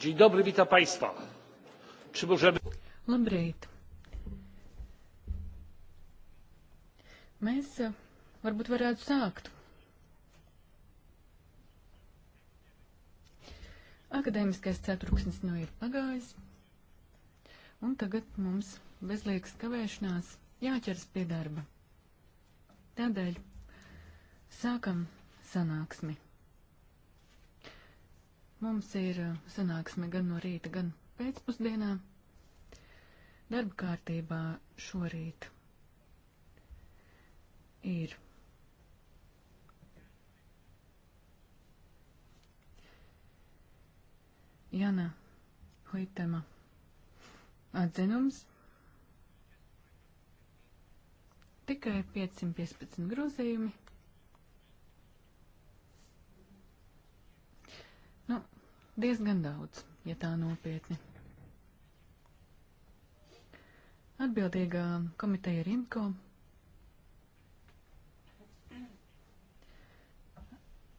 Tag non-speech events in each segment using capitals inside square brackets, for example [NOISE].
Dzień dobry, witam Państwa. Czy możemy... Labrīt. Mēs e, varbūt varētu sākt. Akadēmiskais ceturksnis nu ir pagājis, un tagad mums bezliekas kavēšanās jāķers pie darba. Tādēļ sākam sanāksmi. Mums ir uh, sanāksme gan no rīta, gan pēcpusdienā. Darba kārtībā šorīt ir Jana Huitema atzinums. Tikai 515 grozījumi. Nu, diezgan daudz, ja tā nopietni. Atbildīgā komiteja ir IMCO.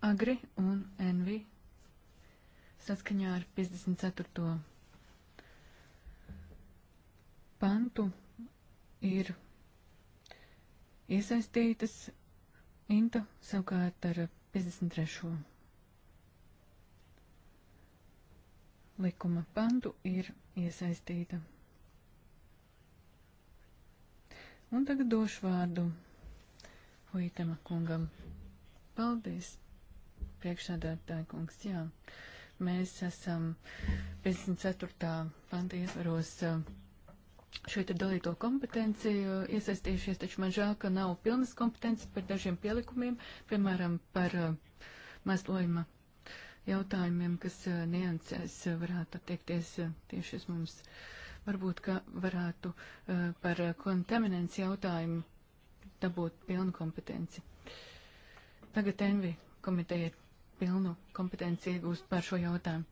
Agri un NV saskaņā ar 54. pantu ir iesaistītas INTA savukārt ar 53. likuma pantu ir iesaistīta. Un tagad došu vārdu Huitama kungam. Paldies, priekšsādātāja kungs, jā. Mēs esam 54. panta ietvaros šo te dalīto kompetenci iesaistījušies, taču man žēl, ka nav pilnas kompetences par dažiem pielikumiem, piemēram, par mēslojuma jautājumiem, kas niansēs varētu attiekties tieši uz mums. Varbūt, ka varētu par kontaminants jautājumu dabūt pilnu kompetenci. Tagad Envi komiteja pilnu kompetenci iegūst par šo jautājumu.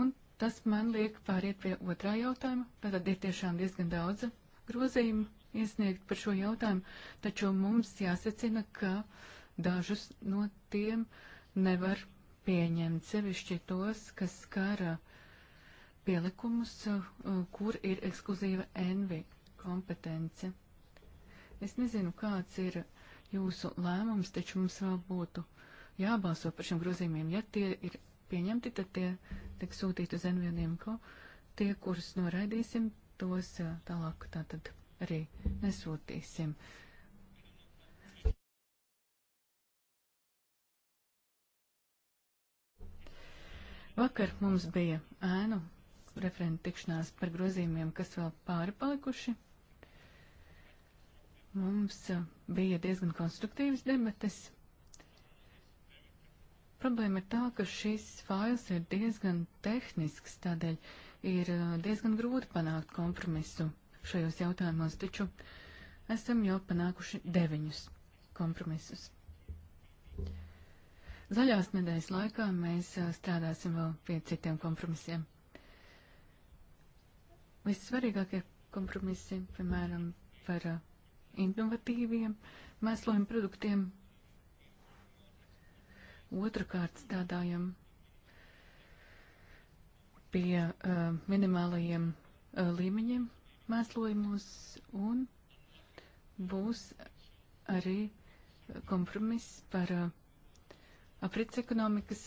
Un tas man liek pāriet pie otrā jautājuma. Tātad ir tiešām diezgan daudz grozījumu iesniegt par šo jautājumu, taču mums jāsacina, ka dažus no tiem nevar pieņemt sevišķi tos, kas skara uh, pielikumus, uh, kur ir ekskluzīva envi kompetence. Es nezinu, kāds ir jūsu lēmums, taču mums vēl būtu jābalso par šiem grozījumiem. Ja tie ir pieņemti, tad tie tiek sūtīti uz NVNMCO. Tie, kurus noraidīsim, tos uh, tālāk tātad arī nesūtīsim. Uh, Vakar mums bija ēnu referenta tikšanās par grozījumiem, kas vēl pāri palikuši. Mums uh, bija diezgan konstruktīvas debates. Problēma ir tā, ka šis fails ir diezgan tehnisks, tādēļ ir uh, diezgan grūti panākt kompromisu šajos jautājumos, taču esam jau panākuši deviņus kompromisus. Zaļās medaļas laikā mēs strādāsim vēl pie citiem kompromisiem. Vissvarīgākie kompromisi, piemēram, par innovatīviem mēslojumu produktiem. Otrakārt strādājam pie uh, minimālajiem uh, līmeņiem mēslojumos un būs arī kompromiss par uh, aprits ekonomikas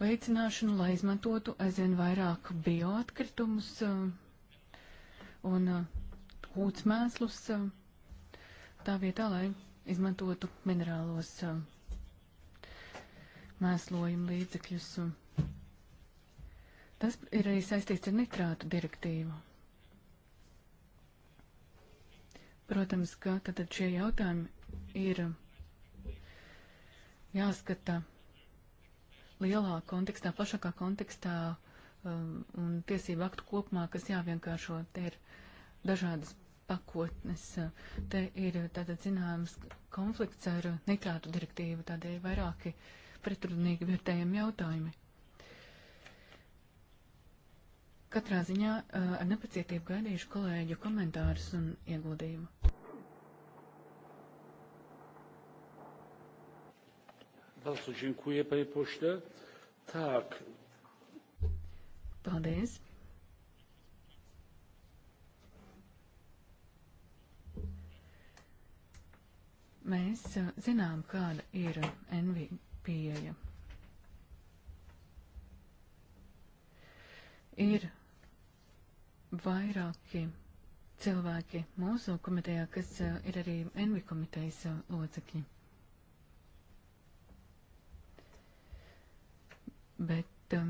veicināšanu, lai izmantotu aizvien vairāk bioatkritumus un ūtsmēslus tā vietā, lai izmantotu minerālos mēslojumu līdzekļus. Tas ir arī saistīts ar nitrātu direktīvu. Protams, ka tad šie jautājumi ir jāskata lielā kontekstā, plašākā kontekstā um, un tiesību aktu kopumā, kas jāvienkāršo. Te ir dažādas pakotnes. Te ir tātad zināms konflikts ar nitrātu direktīvu, tādēļ vairāki pretrunīgi vērtējami jautājumi. Katrā ziņā uh, ar nepacietību gaidīšu kolēģu komentārus un ieguldījumu. Bardzo dziękuję, panie pośle. Tak. Paldies. Mēs uh, zinām, kāda ir NV pieeja. Ir vairāki cilvēki mūsu komitejā, kas uh, ir arī NV komitejas uh, locekļi. bet um,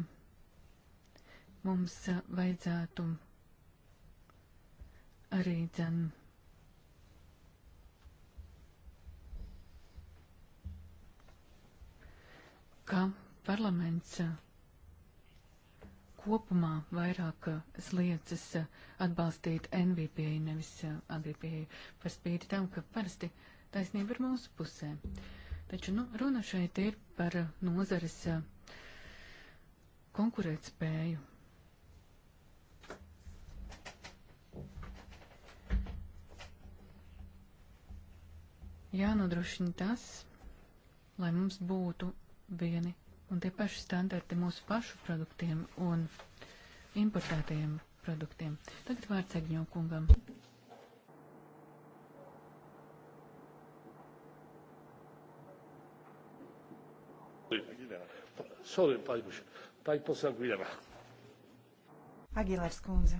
mums uh, vajadzētu arī dzen. Kā parlaments uh, kopumā vairāk uh, sliecas uh, atbalstīt NVP, nevis uh, ADP, par spīti tam, ka parasti taisnība ir mūsu pusē. Taču nu, runa šeit ir par uh, nozares uh, konkurētspēju. Jānodrošina tas, lai mums būtu vieni un tie paši standarti mūsu pašu produktiem un importētajiem produktiem. Tagad vārds Egņo kungam. Sorry, palikuši. Pani poseł Aguilera. Agilers kundze.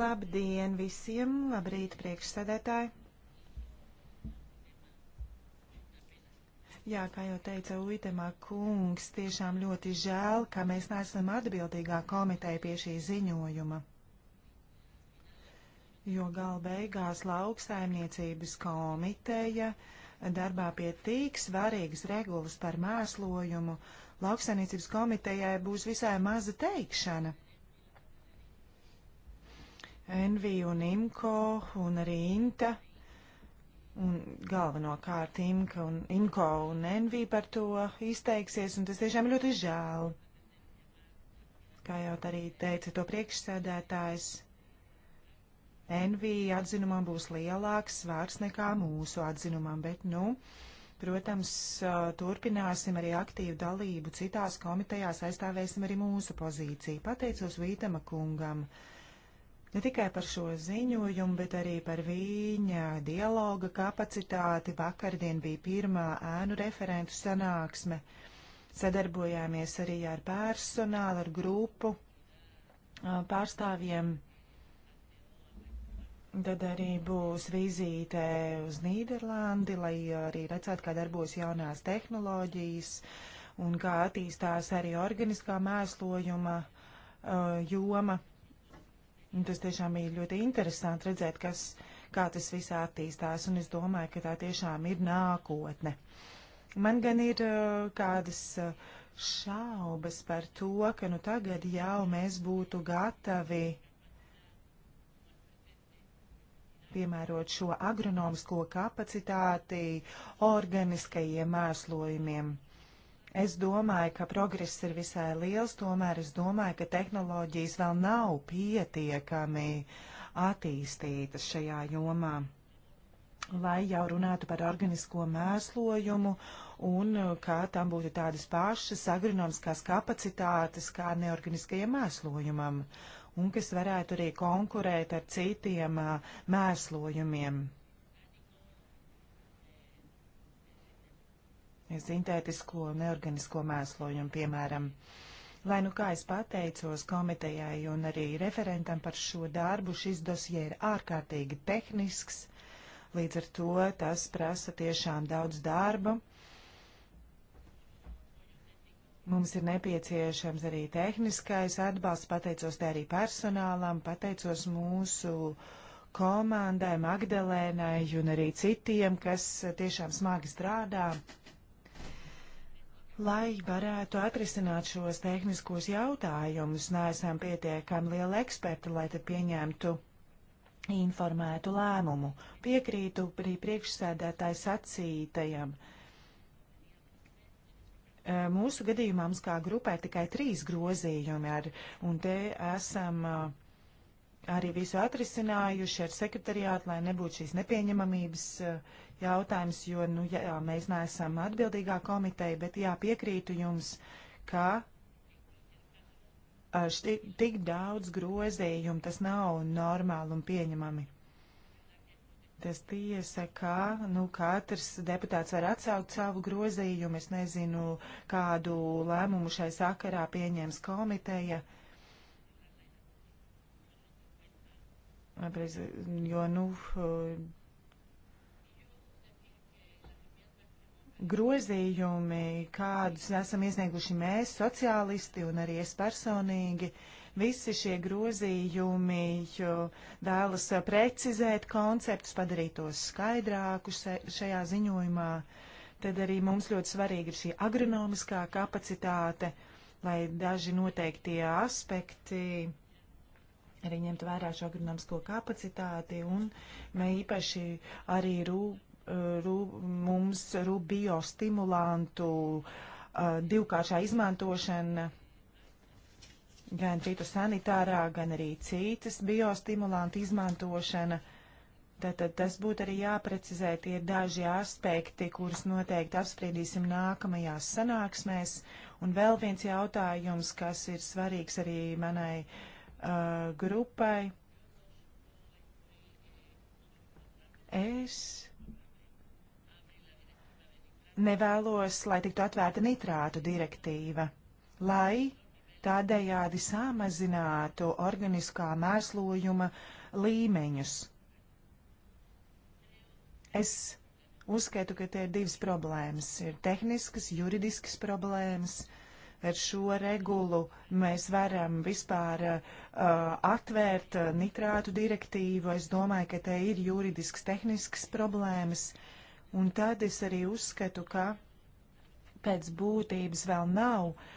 Labdien visiem, labrīt priekšsēdētāji. Jā, kā jau teica Uitemā kungs, tiešām ļoti žēl, ka mēs neesam atbildīgā komiteja pie šī ziņojuma. Jo gal beigās lauksaimniecības komiteja uh, darbā pie tik svarīgas regulas par mēslojumu, lauksainīcības komitejai būs visai maza teikšana. NV un IMCO un arī INTA un galvenokārt IMCO un, IMCO un NV par to izteiksies, un tas tiešām ļoti žēl. Kā jau arī teica to priekšsēdētājs, NV atzinumam būs lielāks svārs nekā mūsu atzinumam, bet, nu, protams, turpināsim arī aktīvu dalību citās komitejās, aizstāvēsim arī mūsu pozīciju. Pateicos Vītama kungam ne tikai par šo ziņojumu, bet arī par viņa dialoga kapacitāti. Vakardien bija pirmā ēnu referentu sanāksme. Sadarbojāmies arī ar personālu, ar grupu pārstāvjiem. Tad arī būs vizīte uz Nīderlandi, lai arī redzētu, kā darbos jaunās tehnoloģijas un kā attīstās arī organiskā mēslojuma uh, joma. Un tas tiešām bija ļoti interesanti redzēt, kas, kā tas viss attīstās, un es domāju, ka tā tiešām ir nākotne. Man gan ir uh, kādas uh, šaubas par to, ka nu tagad jau mēs būtu gatavi uh, piemērot šo agronomisko kapacitāti organiskajiem mēslojumiem. Es domāju, ka progress ir visai liels, tomēr es domāju, ka tehnoloģijas vēl nav pietiekami attīstītas šajā jomā, lai jau runātu par organisko mēslojumu un uh, kā tam būtu tādas pašas agronomiskās kapacitātes kā neorganiskajam mēslojumam. Uh, un kas varētu arī konkurēt ar citiem mēslojumiem. Sintētisko un neorganisko mēslojumu, piemēram. Lai nu kā es pateicos komitejai un arī referentam par šo darbu, šis dosie ir ārkārtīgi tehnisks, līdz ar to tas prasa tiešām daudz darba. Mums ir nepieciešams arī tehniskais atbalsts, pateicos te arī personālam, pateicos mūsu komandai, Magdalēnai un arī citiem, kas tiešām smagi strādā, lai varētu atrisināt šos tehniskos jautājumus. Neesam pietiekami lieli eksperti, lai te pieņemtu informētu lēmumu. Piekrītu arī priekšsēdētāju sacītajam. Uh, Mūsu gadījumā mums kā grupē tikai trīs grozījumi, ar, un te esam arī visu atrisinājuši ar sekretariātu, lai nebūtu šīs nepieņemamības jautājums, jo nu, jā, mēs neesam atbildīgā komiteja, bet jā, piekrītu jums, ka štik, tik daudz grozījumu tas nav normāli un pieņemami. Tas tiesa, ka nu, katrs deputāts var atsaukt savu grozījumu. Es nezinu, kādu lēmumu šai sakarā pieņems komiteja. Jo, nu, grozījumi, kādus esam iesnieguši mēs, sociālisti un arī es personīgi, uh, Visi šie grozījumi vēlas precizēt konceptus, padarīt tos skaidrākus šajā ziņojumā. Tad arī mums ļoti svarīga ir šī agronomiskā kapacitāte, lai daži noteiktie aspekti arī ņemt vērā šo agronomisko kapacitāti un mēs īpaši arī rūp rū, mums rūp biostimulantu uh, divkāršā izmantošana gan fitosanitārā, gan arī citas biostimulantu izmantošana. Tātad tas būtu arī jāprecizē, tie ir daži aspekti, kurus noteikti apspriedīsim nākamajās sanāksmēs. Un vēl viens jautājums, kas ir svarīgs arī manai uh, grupai. Es nevēlos, lai tiktu atvērta nitrātu direktīva, lai tādējādi samazinātu organiskā mēslojuma līmeņus. Es uzskatu, ka te ir divas problēmas. Ir tehniskas, juridiskas problēmas. Ar šo regulu mēs varam vispār uh, atvērt uh, nitrātu direktīvu. Es domāju, ka te ir juridiskas, tehniskas problēmas. Un tad es arī uzskatu, ka pēc būtības vēl nav uh,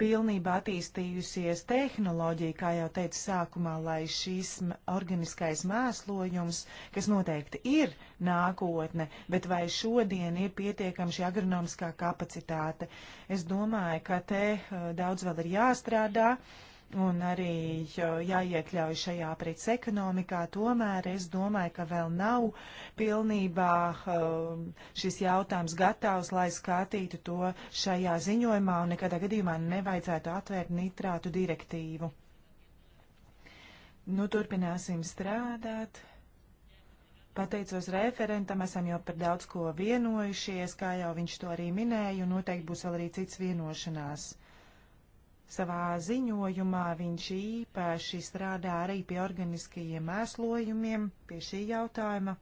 pilnībā attīstījusies tehnoloģija, kā jau teicu sākumā, lai šīs organiskais mēslojums, kas noteikti ir nākotne, bet vai šodien ir pietiekama šī agronomiskā kapacitāte. Es domāju, ka te eh, daudz vēl ir jāstrādā. Uh, un arī jāiekļauj šajā aprits ekonomikā. Tomēr es domāju, ka vēl nav pilnībā um, šis jautājums gatavs, lai skatītu to šajā ziņojumā, un nekādā gadījumā nevajadzētu atvērt nitrātu direktīvu. Nu, turpināsim strādāt. Pateicos referentam, esam jau par daudz ko vienojušies, kā jau viņš to arī minēja, un noteikti būs vēl arī cits vienošanās. Savā ziņojumā viņš īpaši strādā arī pie organiskajiem mēslojumiem, pie šī jautājuma.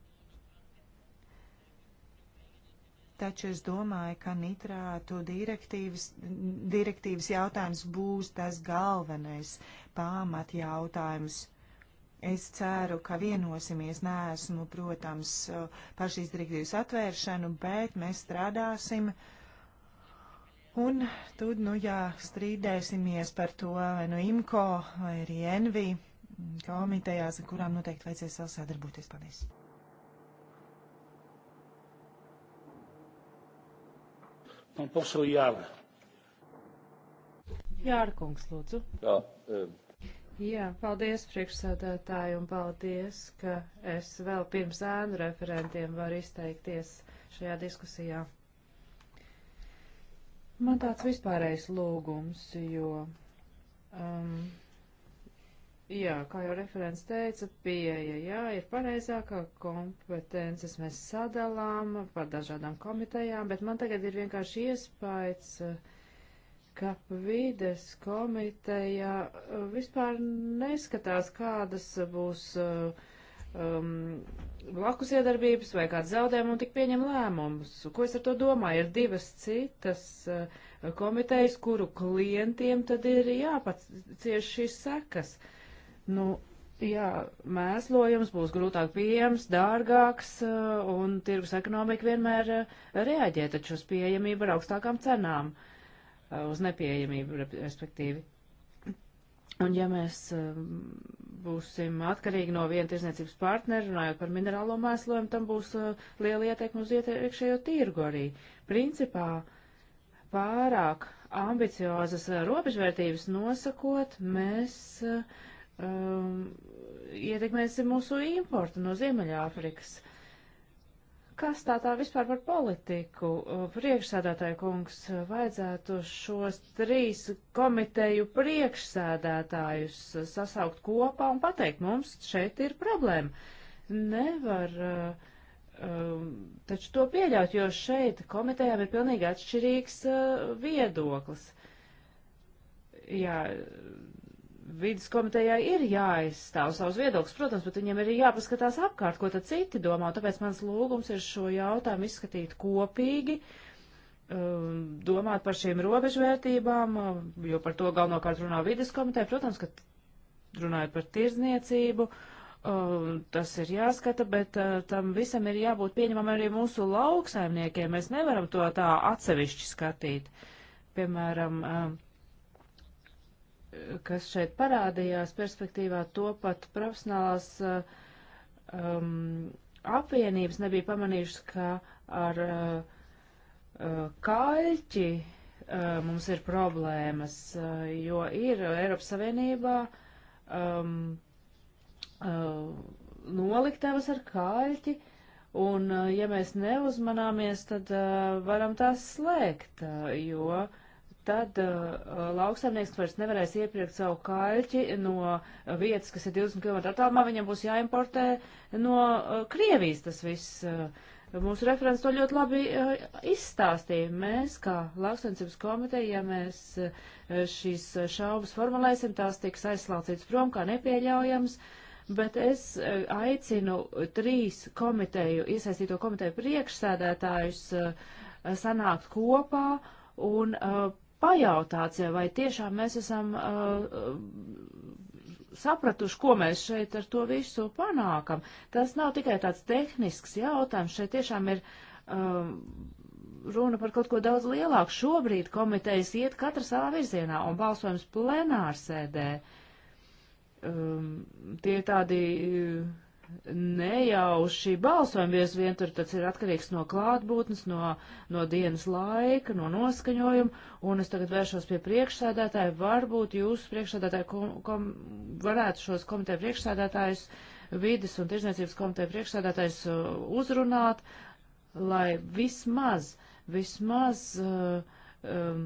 Taču es domāju, ka nitrātu direktīvas, direktīvas jautājums būs tas galvenais pāmat jautājums. Es ceru, ka vienosimies. Nē, esmu, protams, par šīs direktīvas atvēršanu, bet mēs strādāsim uh, Un tad, nu jā, strīdēsimies par to vai nu IMCO vai arī NV komitejās, ar kurām noteikti vajadzēs vēl sadarboties. Paldies! Pan poseł Jar. Jāra kungs, lūdzu. Jā, um. Jā paldies priekšsādātāji un paldies, ka es vēl pirms ēnu referentiem varu izteikties šajā diskusijā. Man tāds vispārējais lūgums, jo, um, jā, kā jau referents teica, pieeja, jā, ir pareizākā kompetences, mēs sadalām par dažādām komitejām, bet man tagad ir vienkārši iespējas, ka vides komiteja uh, vispār neskatās, kādas būs uh, um, blakus iedarbības vai kāds zaudējumu un tik pieņem lēmumus. Ko es ar to domāju? Ir divas citas uh, komitejas, kuru klientiem tad ir jāpacieš šīs sekas. Nu, jā, mēslojums būs grūtāk pieejams, dārgāks uh, un tirgus ekonomika vienmēr uh, reaģē taču uz pieejamību ar augstākām cenām, uh, uz nepieejamību, respektīvi. Un ja mēs um, būsim atkarīgi no viena tirzniecības partnera, runājot par minerālo mēslojumu, tam būs uh, liela ietekme uz iekšējo tirgu arī. Principā pārāk ambiciozas uh, robežvērtības nosakot, mēs uh, um, ietekmēsim mūsu importu no Ziemeļāfrikas. Uh, Kas tā tā vispār par politiku? Uh, priekšsēdētāja kungs, uh, vajadzētu šos trīs komiteju priekšsēdētājus uh, sasaukt kopā un pateikt, mums šeit ir problēma. Nevar uh, um, taču to pieļaut, jo šeit komitejām ir pilnīgi atšķirīgs uh, viedoklis. Jā, vidas komitejai ir jāizstāv savus viedokļus, protams, bet viņiem ir jāpaskatās apkārt, ko tad citi domā. Tāpēc mans lūgums ir šo jautājumu izskatīt kopīgi, um, domāt par šīm robežvērtībām, um, jo par to galvenokārt runā vidas komiteja. Protams, ka runājot par tirdzniecību, um, tas ir jāskata, bet uh, tam visam ir jābūt pieņemam arī mūsu lauksaimniekiem. Mēs nevaram to tā atsevišķi skatīt. Piemēram, um, kas šeit parādījās perspektīvā, to pat profesionālās uh, um, apvienības nebija pamanījušas, ka ar uh, uh, kaļķi uh, mums ir problēmas, uh, jo ir Eiropas Savienībā um, uh, noliktavas ar kaļķi, un uh, ja mēs neuzmanāmies, tad uh, varam tās slēgt, uh, jo uh, tad uh, lauksaimnieks vairs nevarēs iepirkt savu kaļķi no vietas, kas ir 20 km attālumā, viņam būs jāimportē no uh, Krievijas tas viss. Uh, mūsu referents to ļoti labi uh, izstāstīja. Mēs, kā lauksaimniecības komiteja, ja mēs uh, šīs šaubas formulēsim, tās tiks aizslaucītas prom kā nepieļaujams. Bet es uh, aicinu trīs komiteju, iesaistīto komiteju priekšsēdētājus uh, sanākt kopā un uh, pajautāts, vai tiešām mēs esam uh, uh, sapratuši, ko mēs šeit ar to visu panākam. Tas nav tikai tāds tehnisks jautājums, šeit tiešām ir uh, runa par kaut ko daudz lielāku. Šobrīd komitejas iet katra savā virzienā un balsojums plenārsēdē. Um, tie tādi. Uh, nejauši balsojam, bieži vien tur tas ir atkarīgs no klātbūtnes, no, no dienas laika, no noskaņojuma, un es tagad vēršos pie priekšsēdētāja, varbūt jūs priekšsēdētāji kom, kom, varētu šos komiteju priekšsēdētājus, vides un tirzniecības komiteju priekšsēdētājus uh, uzrunāt, lai vismaz, vismaz uh, um,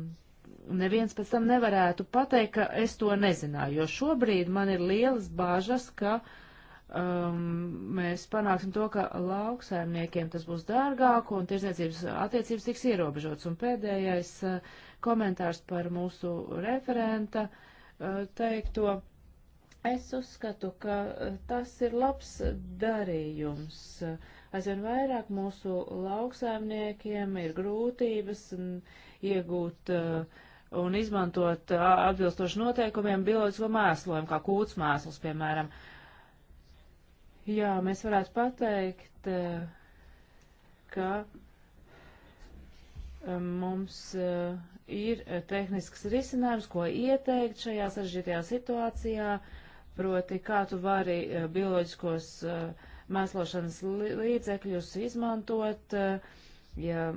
neviens pēc tam nevarētu pateikt, ka es to nezināju, jo šobrīd man ir lielas bāžas, ka uh, um, mēs panāksim to, ka lauksaimniekiem tas būs dārgāk un tirsniecības attiecības tiks ierobežotas. Un pēdējais uh, komentārs par mūsu referenta uh, teikto. Es uzskatu, ka uh, tas ir labs darījums. Aizvien vairāk mūsu lauksaimniekiem ir grūtības iegūt uh, un izmantot uh, atbilstoši noteikumiem bioloģisko mēslojumu, kā kūts mēsls, piemēram. Uh, Jā, mēs varētu pateikt, eh, ka eh, mums eh, ir tehnisks risinājums, ko ieteikt šajā sarežģītajā situācijā, proti kā tu vari bioloģiskos mēslošanas līdzekļus izmantot, uh, ja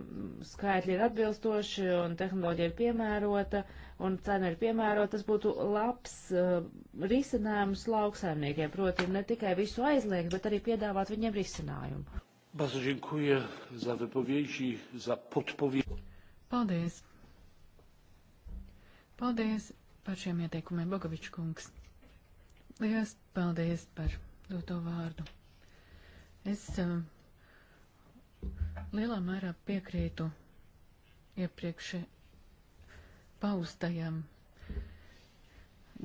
skaitļi ir atbilstoši un tehnoloģija ir piemērota un cena ir piemērota, tas būtu labs uh, risinājums lauksaimniekiem. Proti, ne tikai visu aizliegt, bet arī piedāvāt viņiem risinājumu. Bardzo dziękuję za wypowiedzi, za podpowiedzi. Paldies. Paldies par šiem ieteikumiem, Bogovičs kungs. Lielas paldies par doto vārdu. Es uh, Lielā mērā piekrītu iepriekš paustajam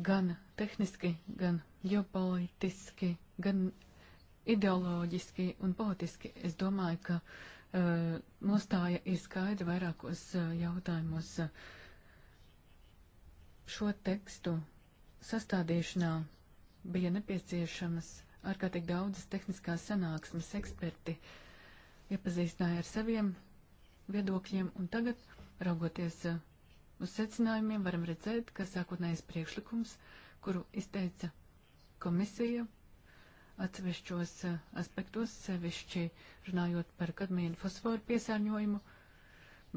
gan tehniski, gan ģeopolitiski, gan ideoloģiski un politiski. Es domāju, ka uh, nostāja ir skaidra vairākos uh, jautājumos. Šo tekstu sastādīšanā bija nepieciešamas ārkārtīgi daudzas tehniskās sanāksmes eksperti. Uh, iepazīstināja ar saviem viedokļiem, un tagad, raugoties uh, uz secinājumiem, varam redzēt, ka sākotnējais priekšlikums, kuru izteica komisija, atsevišķos uh, aspektos, sevišķi runājot par kadmīnu fosforu piesārņojumu,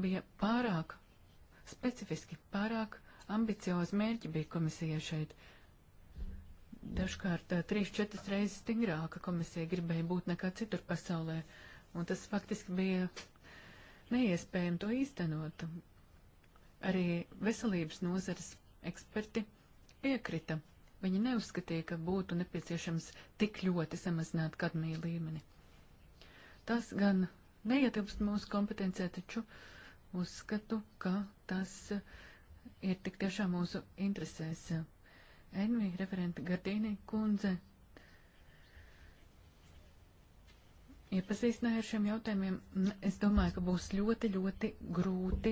bija pārāk specifiski, pārāk ambiciozi mērķi bija komisija šeit. Dažkārt uh, trīs, četras reizes stingrāka komisija gribēja būt nekā citur pasaulē. Uh, un tas faktiski bija neiespējami to īstenot. Arī veselības nozares eksperti piekrita. Viņi neuzskatīja, ka būtu nepieciešams tik ļoti samazināt kadmija līmeni. Tas gan neietilpst mūsu kompetencē, taču uzskatu, ka tas ir tik tiešām mūsu interesēs. Envi referenta Gardīnī kundze iepazīstināja ar šiem jautājumiem. Es domāju, ka būs ļoti, ļoti grūti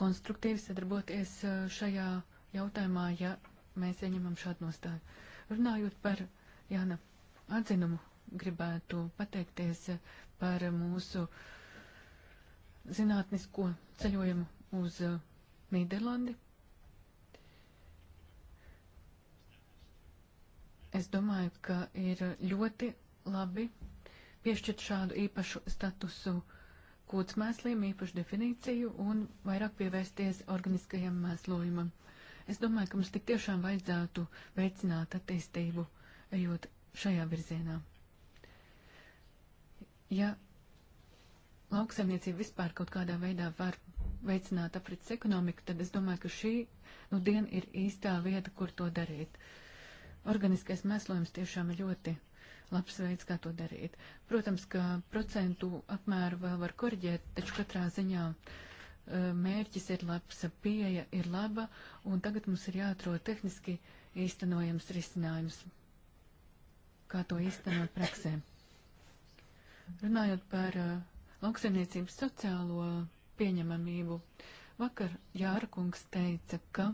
konstruktīvi sadarboties šajā jautājumā, ja mēs ieņemam šādu nostāju. Runājot par Jāna atzinumu, gribētu pateikties par mūsu zinātnisko ceļojumu uz Nīderlandi. Es domāju, ka ir ļoti labi piešķirt šādu īpašu statusu kūts mēsliem, īpašu definīciju un vairāk pievērsties organiskajam mēslojumam. Es domāju, ka mums tik tiešām vajadzētu veicināt attīstību, ejot šajā virzienā. Ja lauksaimniecība vispār kaut kādā veidā var veicināt aprits ekonomiku, tad es domāju, ka šī nu, diena ir īstā vieta, kur to darīt. Organiskais mēslojums tiešām ir ļoti labs veids, kā to darīt. Protams, ka procentu apmēru vēl var korģēt, taču katrā ziņā e, mērķis ir labs, pieeja ir laba, un tagad mums ir jāatrod tehniski īstenojams risinājums, kā to īstenot praksē. Runājot par e, lauksaimniecības sociālo pieņemamību, vakar Jārkungs teica, ka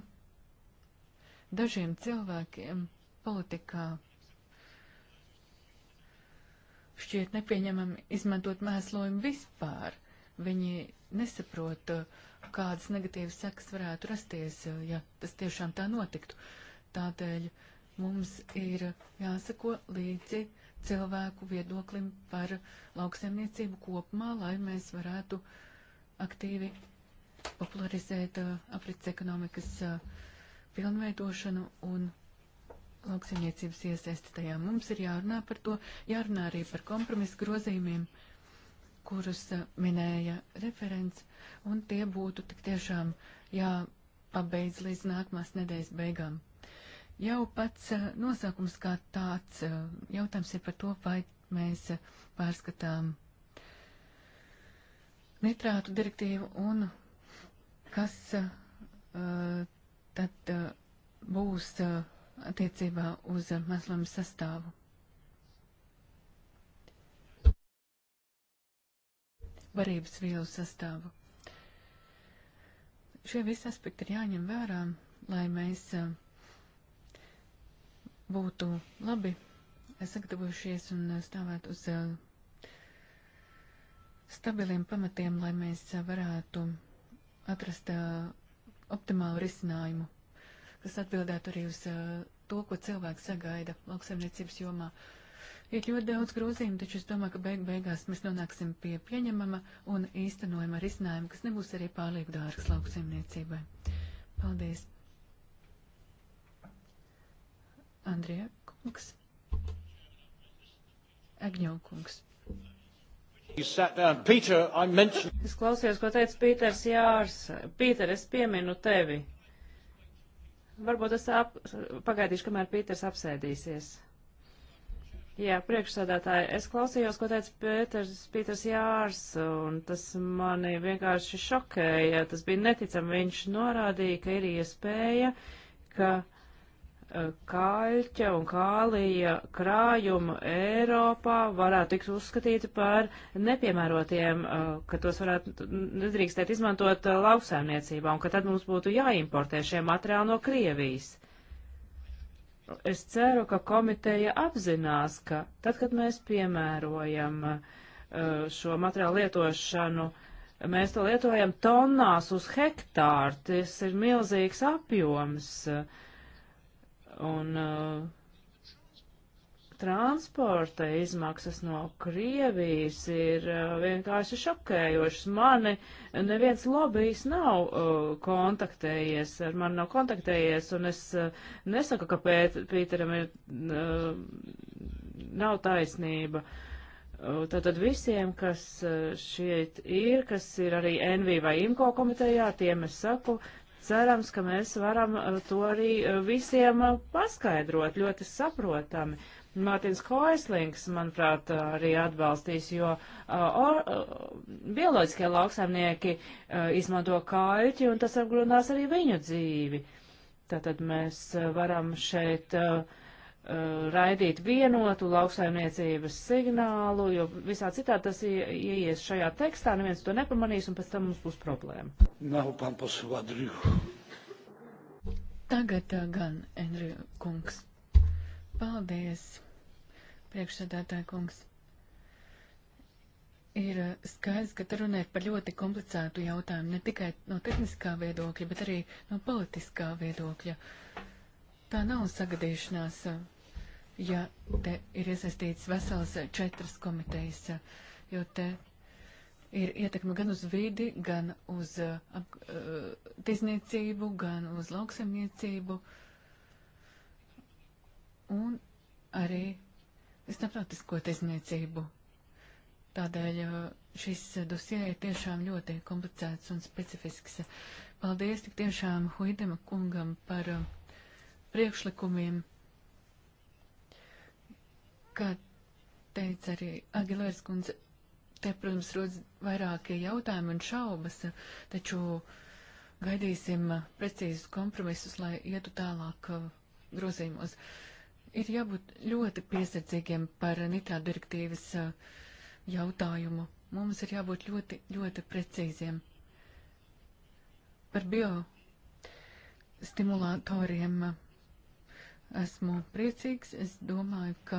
dažiem cilvēkiem politikā šķiet nepieņemami izmantot mēslojumu vispār. Viņi nesaprot, kādas negatīvas sekas varētu rasties, ja tas tiešām tā notiktu. Tādēļ mums ir jāsako līdzi cilvēku viedoklim par lauksaimniecību kopumā, lai mēs varētu aktīvi popularizēt uh, aprits ekonomikas uh, pilnveidošanu un lauksaimniecības iesaisti tajā. Mums ir jārunā par to, jārunā arī par kompromisu grozījumiem, kurus eh, minēja referents, un tie būtu tik tiešām jāpabeidz līdz nākamās nedēļas beigām. Jau pats eh, nosaukums kā tāds eh, jautājums ir par to, vai mēs pārskatām nitrātu direktīvu un kas tad būs attiecībā uz mazlumu sastāvu. Varības vielu sastāvu. Šie visi aspekti ir jāņem vērā, lai mēs būtu labi sagatavojušies un stāvētu uz stabiliem pamatiem, lai mēs varētu atrast optimālu risinājumu kas atbildētu arī uz uh, to, ko cilvēki sagaida lauksaimniecības jomā. Ir ļoti daudz grozījumu, taču es domāju, ka beig beigās mēs nonāksim pie pieņemama un īstenojama risinājuma, kas nebūs arī pārlieku dārgs lauksaimniecībai. Paldies! Andrija kungs. Agņo kungs. Peter, mentioned... Es klausījos, ko teica Pīters Jārs. Pīter, es pieminu tevi. Varbūt es ap, pagaidīšu, kamēr Pīters apsēdīsies. Jā, priekšsādātāji, es klausījos, ko teica Pēters, Pīters Jārs, un tas mani vienkārši šokēja. Tas bija neticami. Viņš norādīja, ka ir iespēja, ka Eh, kaļķa un kālija krājumu Eiropā varētu tikt uzskatīti par nepiemērotiem, eh, ka tos varētu nedrīkstēt izmantot eh, lauksaimniecībā un ka tad mums būtu jāimportē šie materiāli no Krievijas. Es ceru, ka komiteja apzinās, ka tad, kad mēs piemērojam šo materiālu lietošanu, mēs to lietojam tonnās uz hektāru, tas ir milzīgs apjoms. Uh, Un uh, transporta izmaksas no Krievijas ir uh, vienkārši šokējošas. Mani neviens lobijs nav uh, kontaktējies, ar mani nav kontaktējies, un es uh, nesaku, ka pēt, Pīteram ir, uh, nav taisnība. Uh, Tātad visiem, kas uh, šeit ir, kas ir arī NV vai IMCO komitejā, tiem es saku, cerams, ka mēs varam uh, to arī uh, visiem uh, paskaidrot ļoti saprotami. Mārtiņš Koislings, manuprāt, arī atbalstīs, jo or, bioloģiskie lauksaimnieki izmanto kaļķi, un tas apgrūtinās arī viņu dzīvi. Tātad mēs varam šeit uh, Uh, raidīt vienotu lauksaimniecības signālu, jo visā citā tas ieies šajā tekstā, neviens to nepamanīs, un pēc tam mums būs problēma. Nav pampas vadriju. Tagad uh, gan, Enriju kungs. Paldies, priekšsēdētāja kungs. Ir uh, skaidrs, ka te runēt par ļoti komplicētu jautājumu, ne tikai no tehniskā viedokļa, bet arī no politiskā viedokļa. Uh, Tā nav sagadīšanās, ja te ir iesaistīts vesels četras komitejas, jo te ir ietekme gan uz vidi, gan uz uh, ap, uh, tirzniecību, gan uz lauksemniecību un arī starptautisko tirzniecību. Tādēļ uh, šis dosie ir tiešām ļoti komplicēts un specifisks. Paldies tik tiešām Huidema kungam par uh, priekšlikumiem, kā teica arī Agilērs kundze, te, protams, rodas vairākie jautājumi un šaubas, taču gaidīsim precīzus kompromisus, lai ietu tālāk grozījumos. Ir jābūt ļoti piesardzīgiem par nitā direktīvas jautājumu. Mums ir jābūt ļoti, ļoti precīziem. Par bio stimulatoriem Esmu priecīgs. Es domāju, ka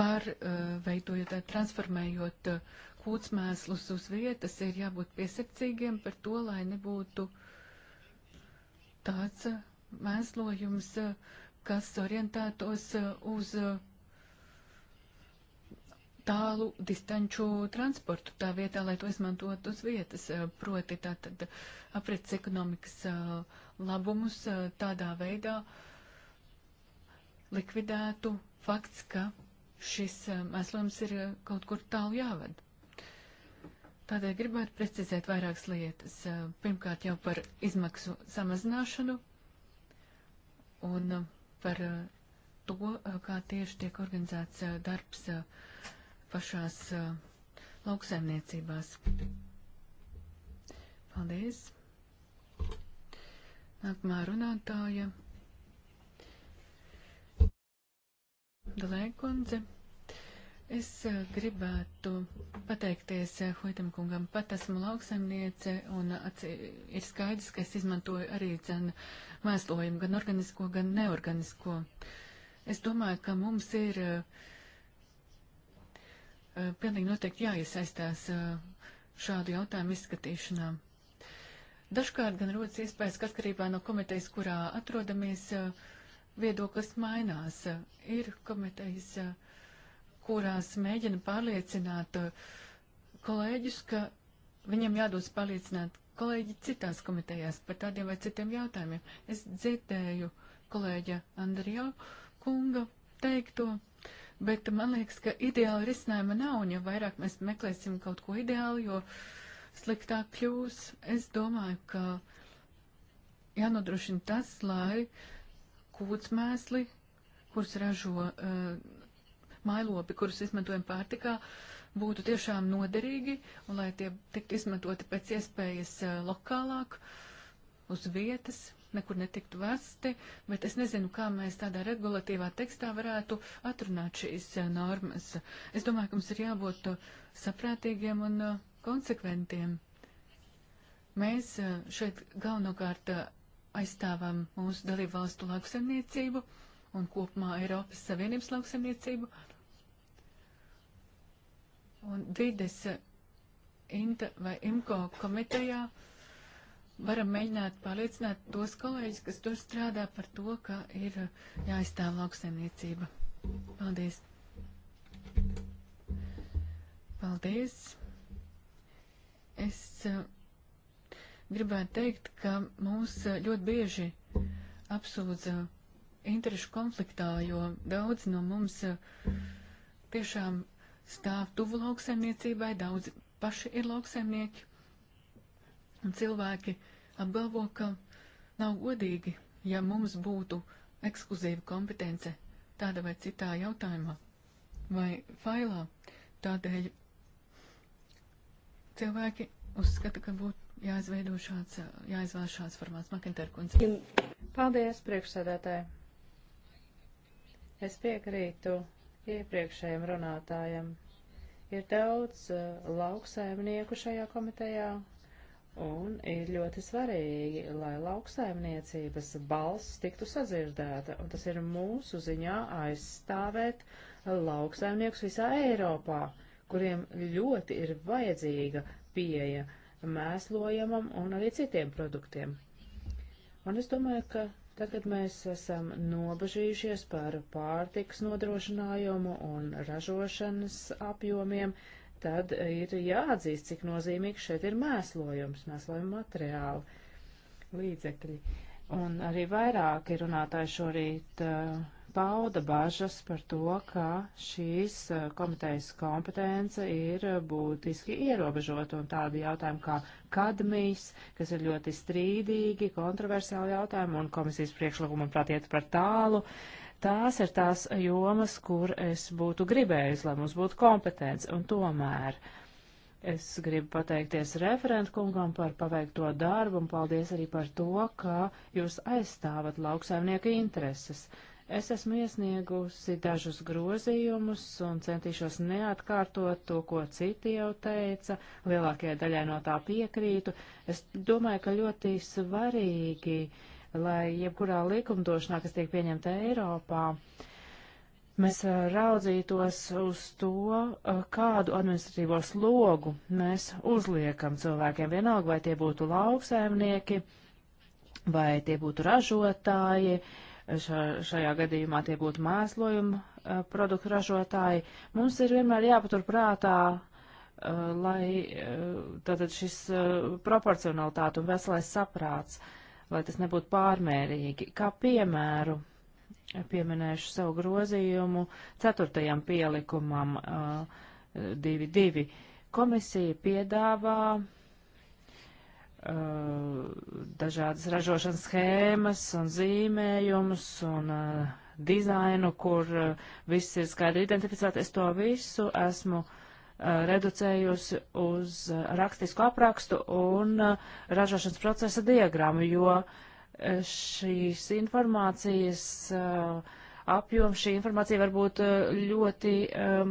pārveidojot, uh, uh, transformējot uh, kūtsmēslus uz vietas, ir jābūt piesardzīgiem par to, lai nebūtu tāds mēslojums, kas orientētos uz tālu distanču transportu tā vietā, lai to izmantotu uz vietas, proti tātad aprits ekonomikas labumus tādā veidā likvidētu fakts, ka šis mēslojums ir kaut kur tālu jāved. Tādēļ gribētu precizēt vairākas lietas. Pirmkārt jau par izmaksu samazināšanu un par to, kā tieši tiek organizēts darbs pašās lauksaimniecībās. Paldies! Nākamā runātāja Dalēkundze. Es gribētu pateikties Hoitam kungam, pat esmu lauksaimniece un acī, ir skaidrs, ka es izmantoju arī cenu mēslojumu, gan organisko, gan neorganisko. Es domāju, ka mums ir uh, Eh, pilnīgi noteikti jāiesaistās eh, šādu jautājumu izskatīšanā. Dažkārt gan rodas iespējas, ka atkarībā no komitejas, kurā atrodamies, eh, viedoklis mainās. Ir komitejas, kurās mēģina pārliecināt kolēģus, ka viņam jādodas pārliecināt kolēģi citās komitejās par tādiem vai citiem jautājumiem. Es dzirdēju kolēģa Andrija kunga teikto, bet man liekas, ka ideāla risinājuma nav, un ja vairāk mēs meklēsim kaut ko ideālu, jo sliktāk kļūs, es domāju, ka jānodrošina tas, lai kūtsmēsli, kurus ražo uh, mailopi, kurus izmantojam pārtikā, būtu tiešām noderīgi, un lai tie tiktu izmantoti pēc iespējas uh, lokālāk, uz vietas, nekur netiktu vēsti, bet es nezinu, kā mēs tādā regulatīvā tekstā varētu atrunāt šīs eh, normas. Es domāju, ka mums ir jābūt eh, saprātīgiem un eh, konsekventiem. Mēs šeit galvenokārt aizstāvam mūsu dalību valstu lauksemniecību un kopumā Eiropas Savienības lauksemniecību. Un vides Inta vai IMCO komitejā uh, varam mēģināt pārliecināt tos kolēģis, kas tur strādā par to, ka ir jāizstāv lauksaimniecība. Paldies! Paldies! Es uh, gribētu teikt, ka mūs uh, ļoti bieži apsūdza interešu konfliktā, jo daudz no mums uh, tiešām stāv tuvu lauksaimniecībai, daudz paši ir lauksaimnieki. Un cilvēki apgalvo, ka nav godīgi, ja mums būtu ekskluzīva kompetence tāda vai citā jautājumā vai failā. Tādēļ cilvēki uzskata, ka būtu jāizveido šāds, jāizvēl šāds formāts. Makintērkundze. Paldies, priekšsēdētāji. Es piekrītu iepriekšējiem runātājiem. Ir daudz uh, lauksaimnieku šajā komitejā, Un ir ļoti svarīgi, lai lauksaimniecības balss tiktu sadzirdēta, un tas ir mūsu ziņā aizstāvēt lauksaimniekus visā Eiropā, kuriem ļoti ir vajadzīga pieeja mēslojamam un arī citiem produktiem. Un es domāju, ka tagad mēs esam nobežījušies par pārtiks nodrošinājumu un ražošanas apjomiem, uh, tad ir jāatzīst, cik nozīmīgi šeit ir mēslojums, mēslojuma materiāli, līdzekļi. Un arī vairāki runātāji šorīt uh, pauda bažas par to, ka šīs komitejas kompetence ir būtiski ierobežota un tādi jautājumi kā kadmijs, kas ir ļoti strīdīgi, kontroversiāli jautājumi un komisijas priekšlikumi, manuprāt, iet par tālu. Uh, Tās ir tās jomas, kur es būtu gribējis, lai mums būtu kompetence, un tomēr es gribu pateikties referentu kungam par paveikto darbu, un paldies arī par to, ka jūs aizstāvat lauksaimnieku intereses. Es esmu iesniegusi dažus grozījumus un centīšos neatkārtot to, ko citi jau teica. Lielākajai daļai no tā piekrītu. Es domāju, ka ļoti svarīgi lai jebkurā likumdošanā, kas tiek pieņemta Eiropā, mēs raudzītos uz to, kādu administratīvo slogu mēs uzliekam cilvēkiem. Vienalga, vai tie būtu lauksaimnieki, vai tie būtu ražotāji, Ša, šajā gadījumā tie būtu mēslojuma produktu ražotāji. Mums ir vienmēr jāpatur prātā lai tātad šis proporcionalitāte un veselais saprāts lai tas nebūtu pārmērīgi. Kā piemēru pieminēšu savu grozījumu ceturtajam pielikumam uh, divi divi. Komisija piedāvā uh, dažādas ražošanas schēmas un zīmējumus un uh, dizainu, kur uh, viss ir skaidri identificēts. Es to visu esmu uh, Eh, reducējusi uz rakstisku aprakstu un eh, ražošanas procesa diagrammu, jo eh, šīs informācijas apjoms, šī informācija var būt ļoti um,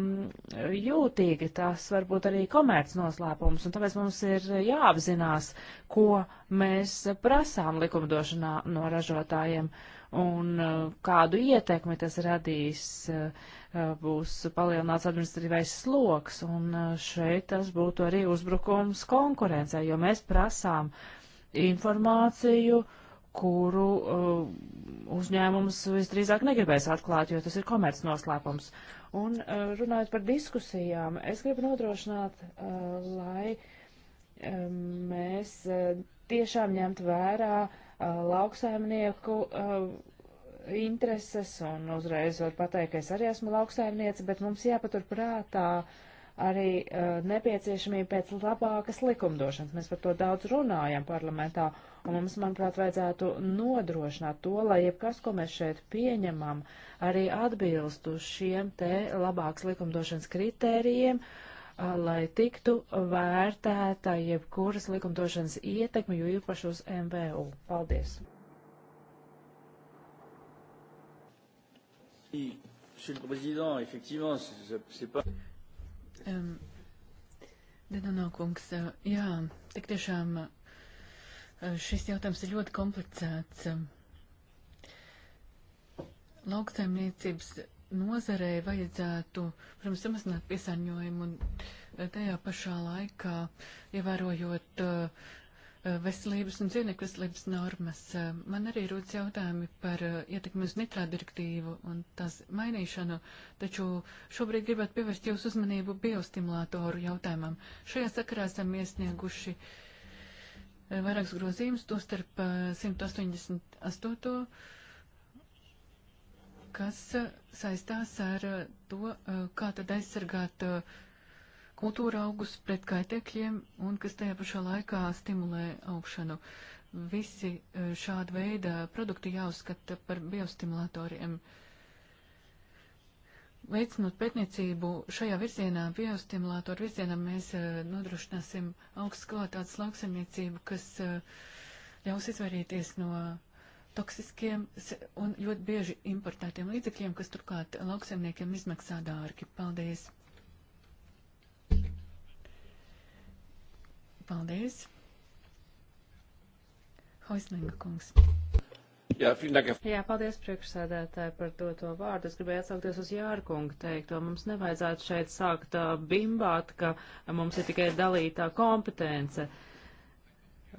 jūtīga, tas var būt arī komerc noslēpums, un tāpēc mums ir jāapzinās, ko mēs prasām likumdošanā no ražotājiem un kādu ietekmi tas radīs Uh, būs palielināts administratīvais sloks, un uh, šeit tas būtu arī uzbrukums konkurencei, jo mēs prasām informāciju, kuru uh, uzņēmums visdrīzāk negribēs atklāt, jo tas ir komerc noslēpums. Un uh, runājot par diskusijām, es gribu nodrošināt, uh, lai um, mēs uh, tiešām ņemt vērā lauksaimnieku intereses, un uzreiz var pateikt, ka es arī esmu lauksaimniece, bet mums jāpatur prātā arī uh, nepieciešamība pēc labākas likumdošanas. Mēs par to daudz runājam parlamentā, un mums, manuprāt, vajadzētu nodrošināt to, lai jebkas, ko mēs šeit pieņemam, arī atbilstu šiem te labākas likumdošanas kritērijiem, uh, lai tiktu vērtēta jebkuras likumdošanas ietekme, jo īpaši uz MVU. Paldies! Monsieur le Président, effectivement, c'est pas. Um, Denonā kungs, jā, tik tiešām šis jautājums ir ļoti komplicēts. Lauksaimniecības nozarei vajadzētu, protams, samazināt piesārņojumu un tajā pašā laikā ievērojot uh, Eh, veselības un dzīvnieku veselības normas. Eh, man arī rodas jautājumi par eh, ietekmi uz nitrātu direktīvu un tās mainīšanu, taču šobrīd gribētu pievērst jūsu uzmanību biostimulātoru jautājumam. Šajā sakarā esam iesnieguši vairākus grozījumus, to starp 188, kas saistās ar to, kā tad aizsargāt kultūra augus pret kaitēkļiem un kas tajā pašā laikā stimulē augšanu. Visi e, šāda veida produkti jāuzskata par biostimulatoriem. Veicinot pētniecību šajā virzienā, biostimulātoru virzienā, mēs e, nodrošināsim augstas kvalitātes lauksaimniecību, kas e, ļaus izvairīties no toksiskiem un ļoti bieži importētiem līdzekļiem, kas turklāt lauksaimniekiem izmaksā dārgi. Paldies! Paldies. Hoislinga kungs. Jā, Jā, paldies priekšsēdētāji par to, to vārdu. Es gribēju atsaukties uz Jārkungu teikto. Mums nevajadzētu šeit sākt uh, bimbāt, ka mums ir tikai dalītā kompetence.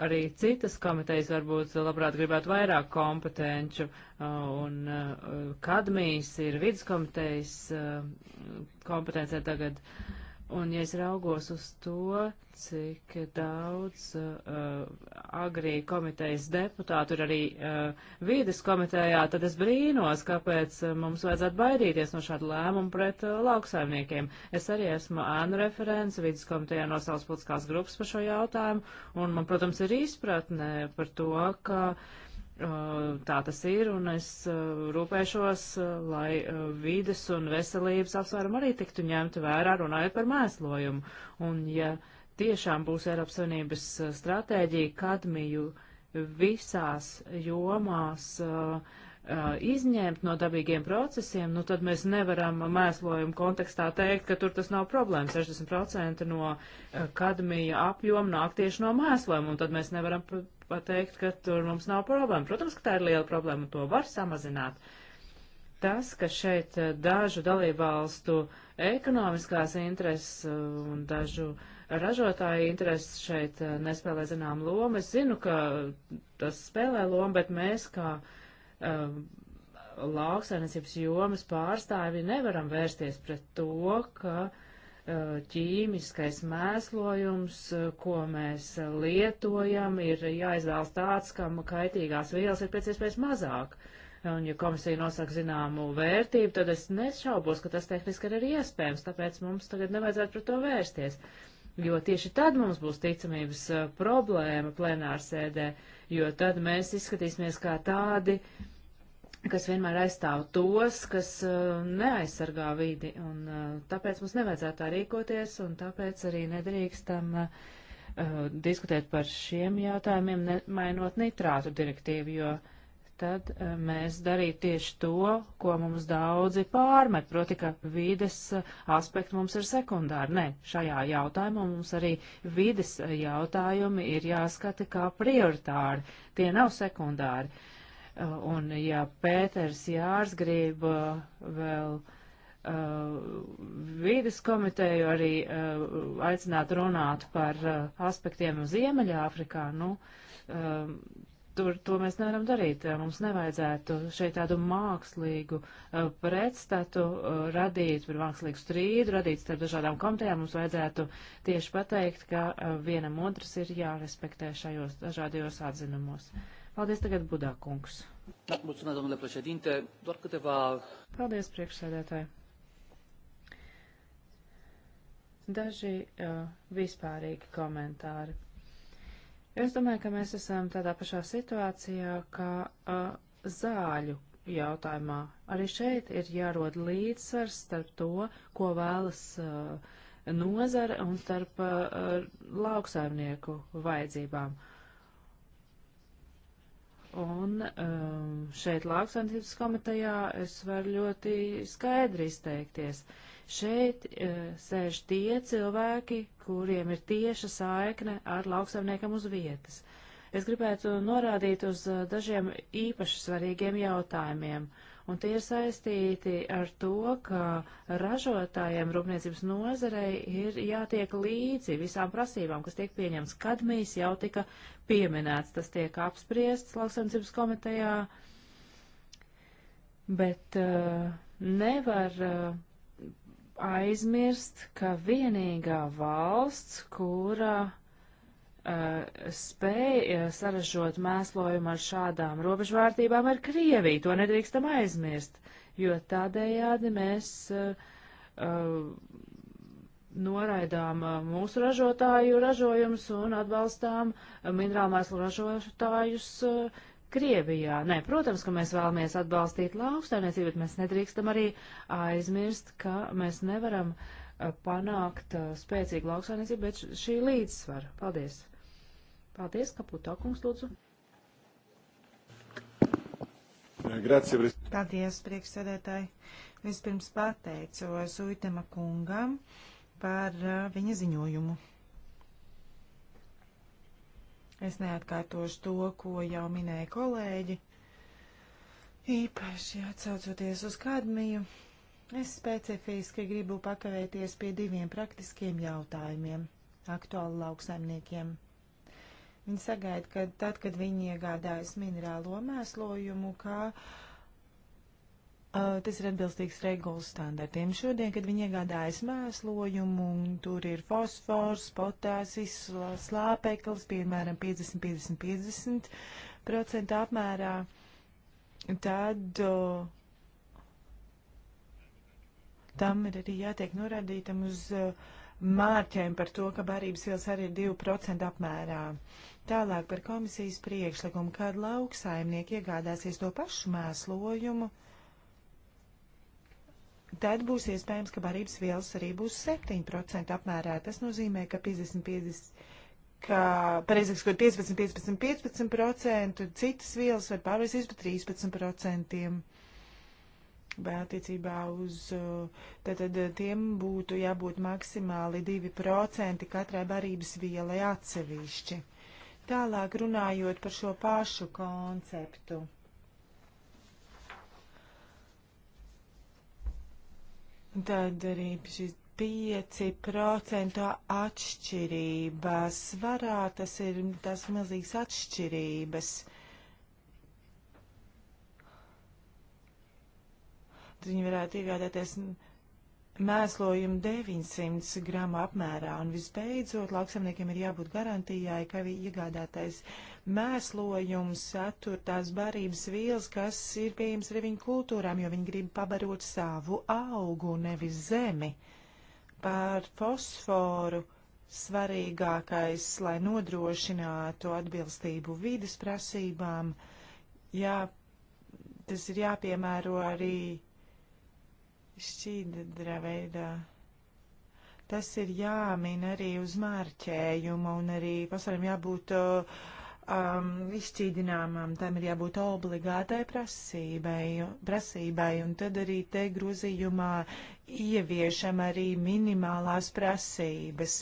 Arī citas komitejas varbūt labprāt gribētu vairāk kompetenču, uh, un uh, kadmijas ir vidaskomitejas kompetencija tagad. Uh, Un, ja es raugos uz to, cik daudz uh, agrī komitejas deputātu ir arī uh, vīdes komitejā, tad es brīnos, kāpēc uh, mums vajadzētu baidīties no šāda lēmuma pret uh, lauksaimniekiem. Es arī esmu ēnu referents vīdes komitejā no savas politiskās grupas par šo jautājumu, un man, protams, ir izpratne par to, ka. Uh, Uh, tā tas ir, un es uh, rūpēšos, uh, lai vides un veselības apsvērumi arī tiktu ņemti vērā, runājot par mēslojumu. Un ja tiešām būs Eiropas Savienības stratēģija kadmiju visās jomās uh, Uh, izņemt no dabīgiem procesiem, nu tad mēs nevaram mēslojuma kontekstā teikt, ka tur tas nav problēma. 60% no uh, kadmija apjoma nāk tieši no mēslojuma, un tad mēs nevaram pateikt, ka tur mums nav problēma. Protams, ka tā ir liela problēma, un to var samazināt. Tas, ka šeit uh, dažu dalībvalstu ekonomiskās intereses un dažu ražotāju intereses šeit nespēlē zinām lomu, es zinu, ka tas spēlē lomu, bet mēs kā uh, um, lauksainiecības jomas pārstāvi nevaram vērsties pret to, ka uh, ķīmiskais mēslojums, uh, ko mēs lietojam, ir jāizvēlas tāds, kam kaitīgās vielas ir pēc iespējas mazāk. Un, ja komisija nosaka zināmu vērtību, tad es nešaubos, ka tas tehniski arī ir iespējams, tāpēc mums tagad nevajadzētu pret to vērsties. Jo tieši tad mums būs ticamības uh, problēma plenārsēdē. sēdē jo tad mēs izskatīsimies kā tādi, kas vienmēr aizstāv tos, kas uh, neaizsargā vidi, un uh, tāpēc mums nevajadzētu tā rīkoties, un tāpēc arī nedrīkstam uh, uh diskutēt par šiem jautājumiem, nemainot nitrātu direktīvu, jo uh, tad e, mēs darītu tieši to, ko mums daudzi pārmet, proti, ka vides e, aspekti mums ir sekundāri. Nē, šajā jautājumā mums arī vides e, jautājumi ir jāskata kā prioritāri, tie nav sekundāri. Un ja Pēters Jārs grib vēl vīdes komiteju arī aicināt runāt par aspektiem Ziemeļāfrikā, nu, tur to mēs nevaram darīt. Mums nevajadzētu šeit tādu mākslīgu uh, pretstatu uh, radīt, par mākslīgu strīdu radīt starp dažādām komitejām. Mums vajadzētu tieši pateikt, ka uh, vienam otrs ir jārespektē šajos dažādajos atzinumos. Paldies tagad Budā kungs. Paldies priekšsēdētāji. Daži uh, vispārīgi komentāri. Es domāju, ka mēs esam tādā pašā situācijā, kā uh, zāļu jautājumā. Arī šeit ir jārod līdzsvars starp to, ko vēlas uh, nozara un starp uh, lauksaimnieku vajadzībām. Uh, Un um, šeit lauksaimniecības komitejā es varu ļoti skaidri izteikties. Šeit uh, sēž tie cilvēki, kuriem ir tieša saikne ar lauksaimniekam uz vietas. Es gribētu norādīt uz uh, dažiem īpaši svarīgiem jautājumiem. Uh, un tie ir saistīti ar to, ka ražotājiem rūpniecības nozarei ir jātiek līdzi visām prasībām, kas tiek pieņemts. Kadmijs jau tika pieminēts, tas tiek apspriests lauksaimniecības komitejā, bet uh, nevar. Uh, aizmirst, ka vienīgā valsts, kura uh, Uh, spēja uh, saražot mēslojumu ar šādām robežvārtībām ar Krieviju. To nedrīkstam aizmirst, jo tādējādi mēs uh, uh, noraidām uh, mūsu ražotāju ražojumus un atbalstām minerālu mēslu ražotājus uh, Krievijā. Nē, protams, ka mēs vēlamies atbalstīt lauksaimniecību, bet mēs nedrīkstam arī aizmirst, ka mēs nevaram panākt spēcīgu lauksaimniecību, bet šī līdzsvara. Paldies! Paldies, Kaputo kungs, lūdzu. Paldies, priekšsēdētāji. Vispirms pateicos Uitema kungam par uh, viņa ziņojumu. Es neatkārtošu to, ko jau minēja kolēģi, īpaši atsaucoties uz kadmiju. Es specifiski gribu pakavēties pie diviem praktiskiem jautājumiem aktuāli lauksaimniekiem. Viņi sagaida, ka tad, kad viņi iegādājas minerālo mēslojumu, ka uh, tas ir atbilstīgs regulas standartiem. Šodien, kad viņi iegādājas mēslojumu, tur ir fosfors, potāsis, slāpeklis, piemēram, 50-50-50% apmērā, tad. Uh, tam ir arī jātiek norādītam uz uh, mārķēm par to, ka barības vielas arī ir 2% apmērā. Tālāk par komisijas priekšlikumu, kad lauksaimnieki iegādāsies to pašu mēslojumu, tad būs iespējams, ka barības vielas arī būs 7% apmērā. Tas nozīmē, ka 50, 50 ka, pareizāk sakot, 15, 15, 15%, citas vielas var pārvērsties par 13%. Vai attiecībā uz tātad, uh, uh, tiem būtu jābūt maksimāli 2% katrai barības vielai atsevišķi. Tālāk runājot par šo pašu konceptu. Tad arī šis 5% atšķirība svarā, tas ir tās milzīgas atšķirības. Uh, tad viņi varētu iegādāties mēslojumu 900 gramu apmērā. Un visbeidzot, lauksamniekiem ir jābūt garantijai, ka iegādātais mēslojums satur tās barības vielas, kas ir pieejams arī viņu kultūrām, jo viņi grib pabarot savu augu, nevis zemi. Par fosforu svarīgākais, lai nodrošinātu atbilstību vidas prasībām, jā, tas ir jāpiemēro arī šķīdra veidā. Tas ir jāmin arī uz mārķējuma un arī pasaram jābūt uh, um, izšķīdināmam, tam ir jābūt obligātai prasībai, prasībai, un tad arī te grozījumā ieviešam arī minimālās prasības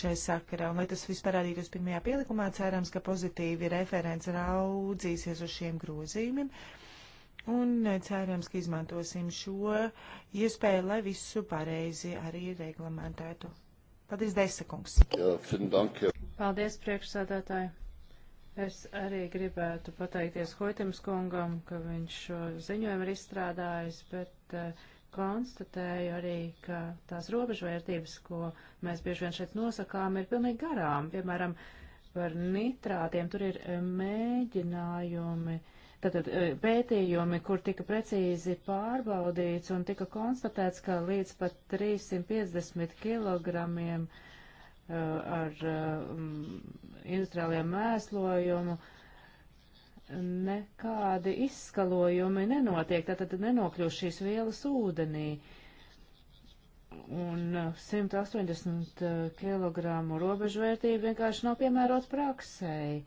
šai sakarā. Un, lai tas viss parādītos pirmajā pielikumā, cerams, ka pozitīvi referents raudzīsies uz šiem grozījumiem. Uh, Un cerams, ka izmantosim šo iespēju, lai visu pareizi arī reglamentētu. Paldies, Desakungs. Paldies, priekšsādātāji. Es arī gribētu pateikties Hoitims kungam, ka viņš šo ziņojumu ir izstrādājis, bet uh, konstatēju arī, ka tās robežvērtības, ko mēs bieži vien šeit nosakām, ir pilnīgi garām. Piemēram, par nitrātiem tur ir eh, mēģinājumi uh, Tātad e, pētījumi, kur tika precīzi pārbaudīts un tika konstatēts, ka līdz pat 350 kg e, ar e, industriālajiem mēslojumu nekādi izskalojumi nenotiek, tātad nenokļūst šīs vielas ūdenī. Un 180 kg robežvērtība vienkārši nav piemērots praksēji.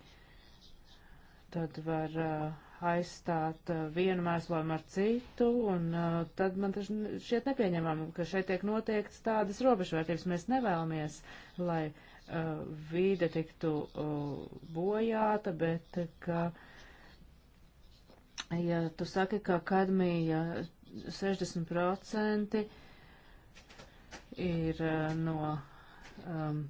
Tad var uh, aizstāt eh, vienu mēslojumu ar citu, un eh, tad man tas šķiet nepieņemam, ka šeit tiek noteikts tādas robežvērtības. Mēs nevēlamies, lai uh, eh, vīde tiktu uh, bojāta, bet ka, ja tu saki, ka kadmija 60% ir uh, no. Um,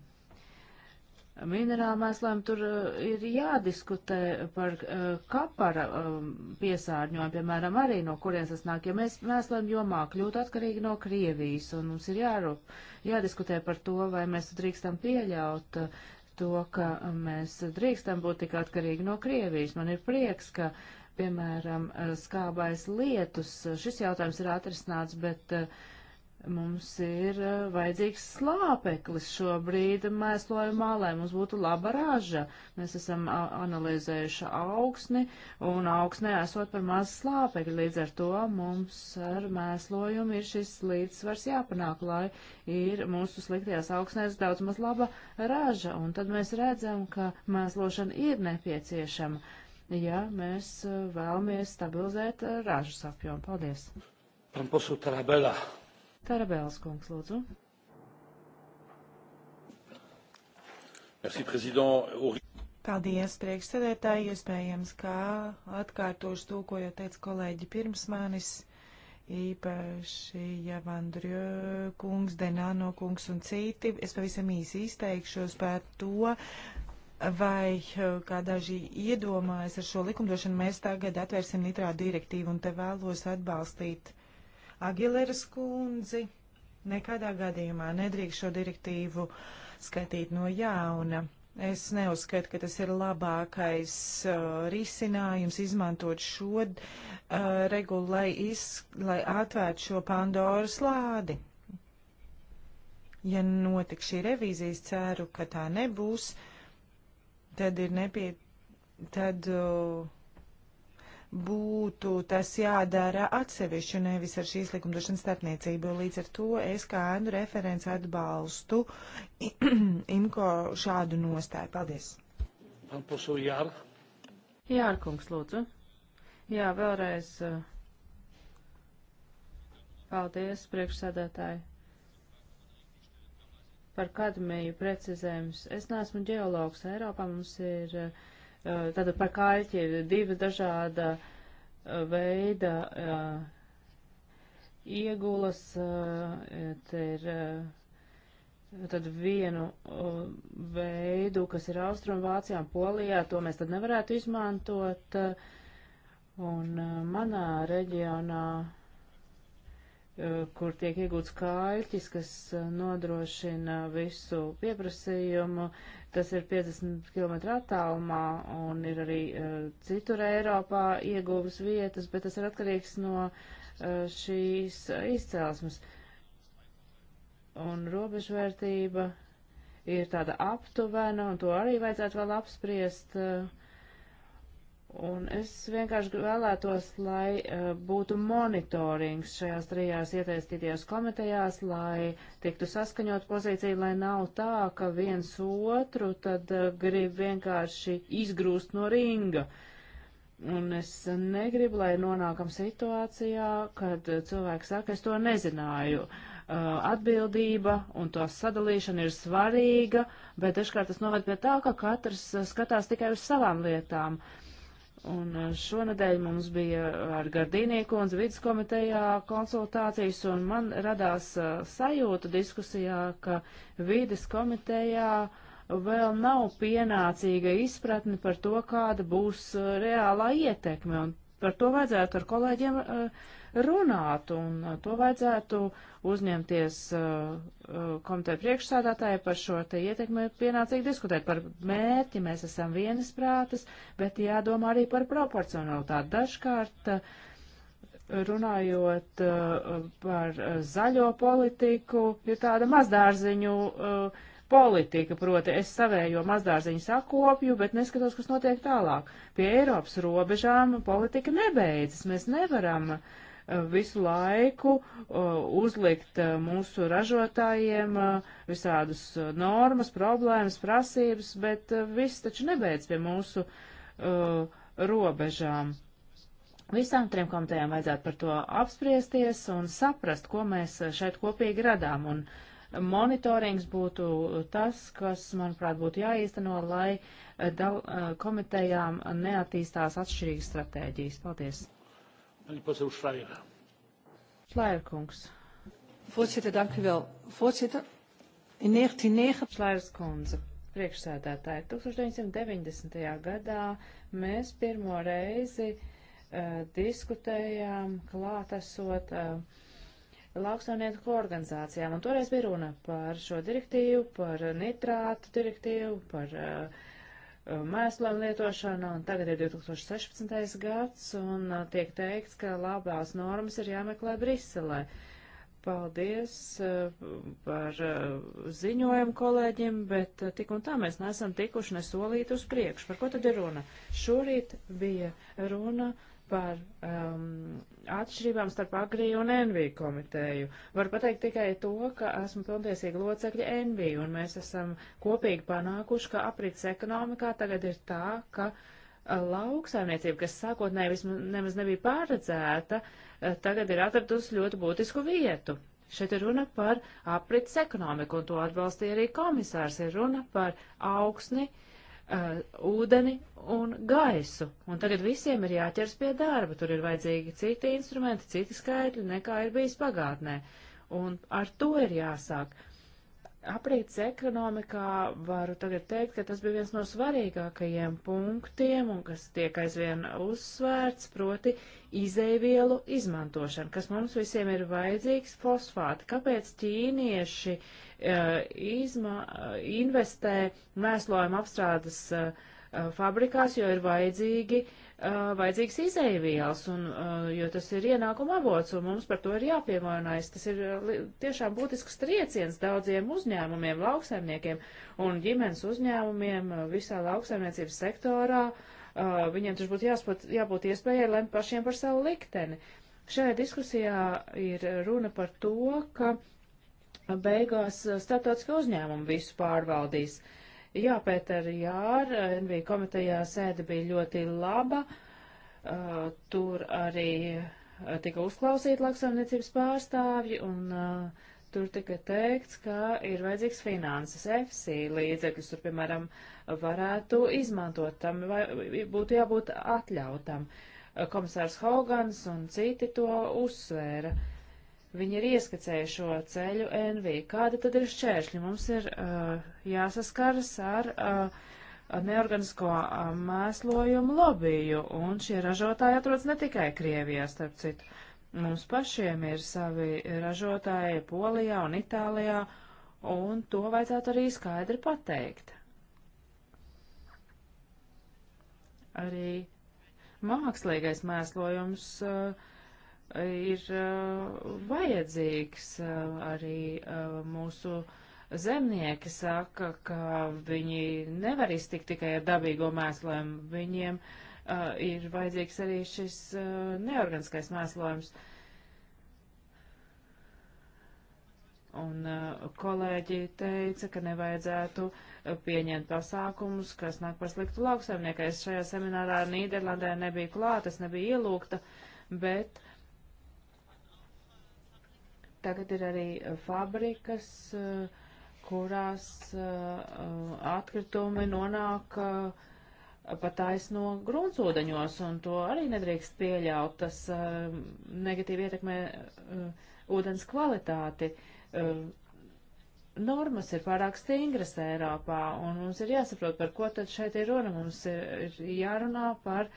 minerāla mēsliem tur eh, ir jādiskutē par eh, kapara um, piesārņojumu, piemēram, arī no kurienes tas nāk, ja mēs mēsliem jomā kļūtu atkarīgi no Krievijas, un mums ir jārūp, jādiskutē par to, vai mēs drīkstam pieļaut eh, to, ka mēs drīkstam būt tik atkarīgi no Krievijas. Man ir prieks, ka uh, piemēram, skābais lietus. Šis jautājums ir atrisināts, bet uh, Mums ir eh, vajadzīgs slāpeklis šobrīd mēslojumā, lai mums būtu laba raža. Mēs esam analizējuši augsni, un augsnē esot par maz slāpekļi. Līdz ar to mums ar mēslojumu ir šis līdzsvars jāpanāk, lai ir mūsu sliktajās augsnēs daudz maz laba raža. Un tad mēs redzam, ka mēslošana ir nepieciešama, ja mēs vēlamies stabilizēt ražas apjomu. Paldies! Pan posu Tarabela. Tarabēls kungs, lūdzu. Merci, Paldies, priekšsēdētāji. Iespējams, kā atkārtošu to, ko jau teica kolēģi pirms manis, īpaši Javandrjö kungs, Denāno kungs un citi. Es pavisam īsi izteikšos par to, vai, kā daži iedomājas, ar šo likumdošanu mēs tagad atvērsim nitrā direktīvu un te vēlos atbalstīt Agileras kundzi. Nekādā gadījumā nedrīkst šo direktīvu skatīt no jauna. Es neuzskatu, ka tas ir labākais uh, risinājums izmantot šo uh, regulu, lai, iz, lai atvērtu šo Pandoras lādi. Ja notiks šī revīzijas ceru, ka tā nebūs, tad ir nepie... tad uh, būtu tas jādara atsevišķi, nevis ar šīs likumdošanas starpniecību. Līdz ar to es kā ēnu referents atbalstu [CLEARS THROAT] Inko šādu nostāju. Paldies! Jārkungs, lūdzu. Jā, vēlreiz. Eh, paldies, priekšsēdētāji. Par kadmiju precizējums. Es neesmu ģeologs. Eiropā mums ir uh, Tātad par kaļķi ir divi dažāda uh, veida uh, iegulas. Uh, te ir tad vienu veidu, kas ir Austrumvācijā un Polijā, to mēs tad nevarētu izmantot. Un manā reģionā Eh, kur tiek iegūts kāļķis, kas eh, nodrošina visu pieprasījumu. Tas ir 50 km attālumā un ir arī eh, citur Eiropā ieguvas vietas, bet tas ir atkarīgs no šīs izcelsmes. Un robežvērtība ir tāda aptuvena, un to arī vajadzētu vēl apspriest. Uh, Un es vienkārši vēlētos, lai uh, būtu monitorings šajās trijās ieteistītajās komitejās, lai tiktu saskaņot pozīciju, lai nav tā, ka viens otru tad uh, grib vienkārši izgrūst no ringa. Un es negribu, lai nonākam situācijā, kad eh, cilvēks saka, es to nezināju. Uh, atbildība un to sadalīšana ir svarīga, bet dažkārt tas noved pie tā, ka katrs skatās tikai uz savām lietām. Uh, Un uh, šonadēļ mums bija ar Gardīnieku un Zvidas komitejā konsultācijas, un man radās uh, sajūta diskusijā, ka Vīdas komitejā vēl nav pienācīga izpratne par to, kāda būs uh, reālā ietekme, un par to vajadzētu ar kolēģiem uh, runāt, un uh, to vajadzētu uzņemties uh, uh, komiteja priekšsādātāja par šo te ietekmi pienācīgi diskutēt par mērķi, mēs esam vienisprātas, bet jādomā arī par proporcionalitāti. Dažkārt runājot par zaļo politiku, ir tāda mazdārziņu politika, proti es savējo mazdārziņu sakopju, bet neskatos, kas notiek tālāk. Pie Eiropas robežām politika nebeidzas. Mēs nevaram uh, visu laiku uh, uzlikt uh, mūsu ražotājiem uh, visādus normas, problēmas, prasības, bet viss taču nebeidz pie mūsu uh, robežām. Visām trim komitejām vajadzētu par to apspriesties un saprast, ko mēs šeit kopīgi radām. Un monitorings būtu tas, kas, manuprāt, būtu jāīsteno, lai dal, komitejām neattīstās atšķirīgas stratēģijas. Paldies! Pani poseł Schreier. Schreier kungs. Voorzitter, dank u wel. Voorzitter, in 1909... Schreier kundze priekšsēdētāji. 1990. gadā mēs pirmo reizi uh, diskutējām klātesot uh, lauksaimnieku organizācijām, un toreiz bija runa par šo direktīvu, par nitrātu direktīvu, par uh, Uh, mēslēm lietošana, un tagad ir 2016. gads, un uh, tiek teikts, ka labās normas ir jāmeklē Briselē. Paldies uh, par ziņojumu kolēģim, bet tik un tā mēs neesam tikuši nesolīti uz priekšu. Par ko tad ir runa? Šorīt bija runa par um, atšķirībām starp Agriju un Enviju komiteju. Varu pateikt tikai to, ka esmu pilntiesīga locekļa Enviju, un mēs esam kopīgi panākuši, ka aprits ekonomikā tagad ir tā, ka uh, lauksaimniecība, kas sākotnēji nemaz nebija paredzēta, uh, tagad ir atradusi ļoti būtisku vietu. Šeit ir runa par aprits ekonomiku, un to atbalstīja arī komisārs. Ir runa par augsni, uh, uh, ūdeni un gaisu. Un tagad visiem ir jāķers pie darba. Tur ir vajadzīgi citi instrumenti, citi skaitļi, nekā ir bijis pagātnē. Un ar to ir jāsāk. Uh, aprīts ekonomikā varu tagad teikt, ka tas bija viens no svarīgākajiem punktiem un kas tiek aizvien uzsvērts, proti izēvielu izmantošana, kas mums visiem ir vajadzīgs fosfāti. Kāpēc ķīnieši uh, izma, investē mēslojuma apstrādes uh, Uh, fabrikās, jo ir vajadzīgi, uh, vajadzīgs izēvielas, un, uh, jo tas ir ienākuma avots, un mums par to ir jāpievienojas. Tas ir tiešām būtisks trieciens daudziem uzņēmumiem, lauksaimniekiem un ģimenes uzņēmumiem visā lauksaimniecības sektorā. Uh, viņiem taču būtu jāspot, jābūt iespējai lemt pašiem par savu likteni. Šajā diskusijā ir runa par to, ka beigās starptautiskā uzņēmuma visu pārvaldīs. Uh, Jā, Pēter Jār, NV komitejā sēde bija ļoti laba. Uh, tur arī uh, tika uzklausīti lauksaimniecības pārstāvji un uh, tur tika teikts, ka ir vajadzīgs finanses EFSI līdzekļus, tur, piemēram, varētu izmantot tam, vai būtu jābūt atļautam. Uh, komisārs Hogans un citi to uzsvēra. Uh, Viņi ir ieskicējuši šo ceļu NV. Kāda tad ir šķēršļi? Mums ir uh, jāsaskaras ar uh, neorganisko uh, mēslojumu lobiju, un šie ražotāji atrodas ne tikai Krievijā, starp citu. Mums pašiem ir savi ražotāji Polijā un Itālijā, un to vajadzētu arī skaidri pateikt. Arī mākslīgais mēslojums uh, ir uh, vajadzīgs. Uh, arī uh, mūsu zemnieki saka, ka viņi nevar iztikt tikai ar dabīgo mēslēm. Viņiem ir vajadzīgs arī šis neorganiskais mēslojums. Un uh, kolēģi teica, ka nevajadzētu pieņemt pasākumus, kas nāk par sliktu lauksaimniekai. Es šajā seminārā Nīderlandē nebija klāta, es nebija ielūgta, bet uh, Tagad ir arī e, fabrikas, e, kurās e, atkritumi nonāk pat aizno gruntsūdeņos, un to arī nedrīkst pieļaut. Tas negatīvi ietekmē ūdens kvalitāti. Normas ir pārāk stingras Eiropā, un mums ir jāsaprot, par ko tad šeit ir runa. Mums ir jārunā par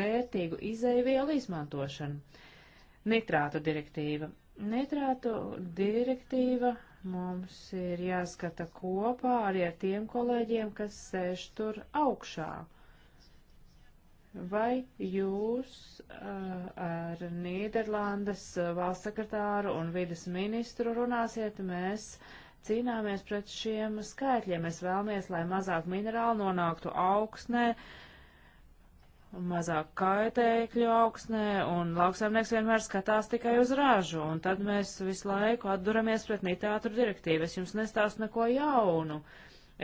vērtīgu izēvielu izmantošanu nitrātu direktīva. Nitrātu direktīva mums ir jāskata kopā arī ar tiem kolēģiem, kas sēž tur augšā. Vai jūs uh, ar Nīderlandes valsts sekretāru un vidas ministru runāsiet? Mēs cīnāmies pret šiem skaitļiem. Mēs vēlamies, lai mazāk minerāli nonāktu augsnē, uh, mazāk kaitēkļu augsnē, un lauksaimnieks vienmēr skatās tikai uz ražu, un tad mēs visu laiku atduramies pret nitrātu direktīvu. Es jums nestāstu neko jaunu.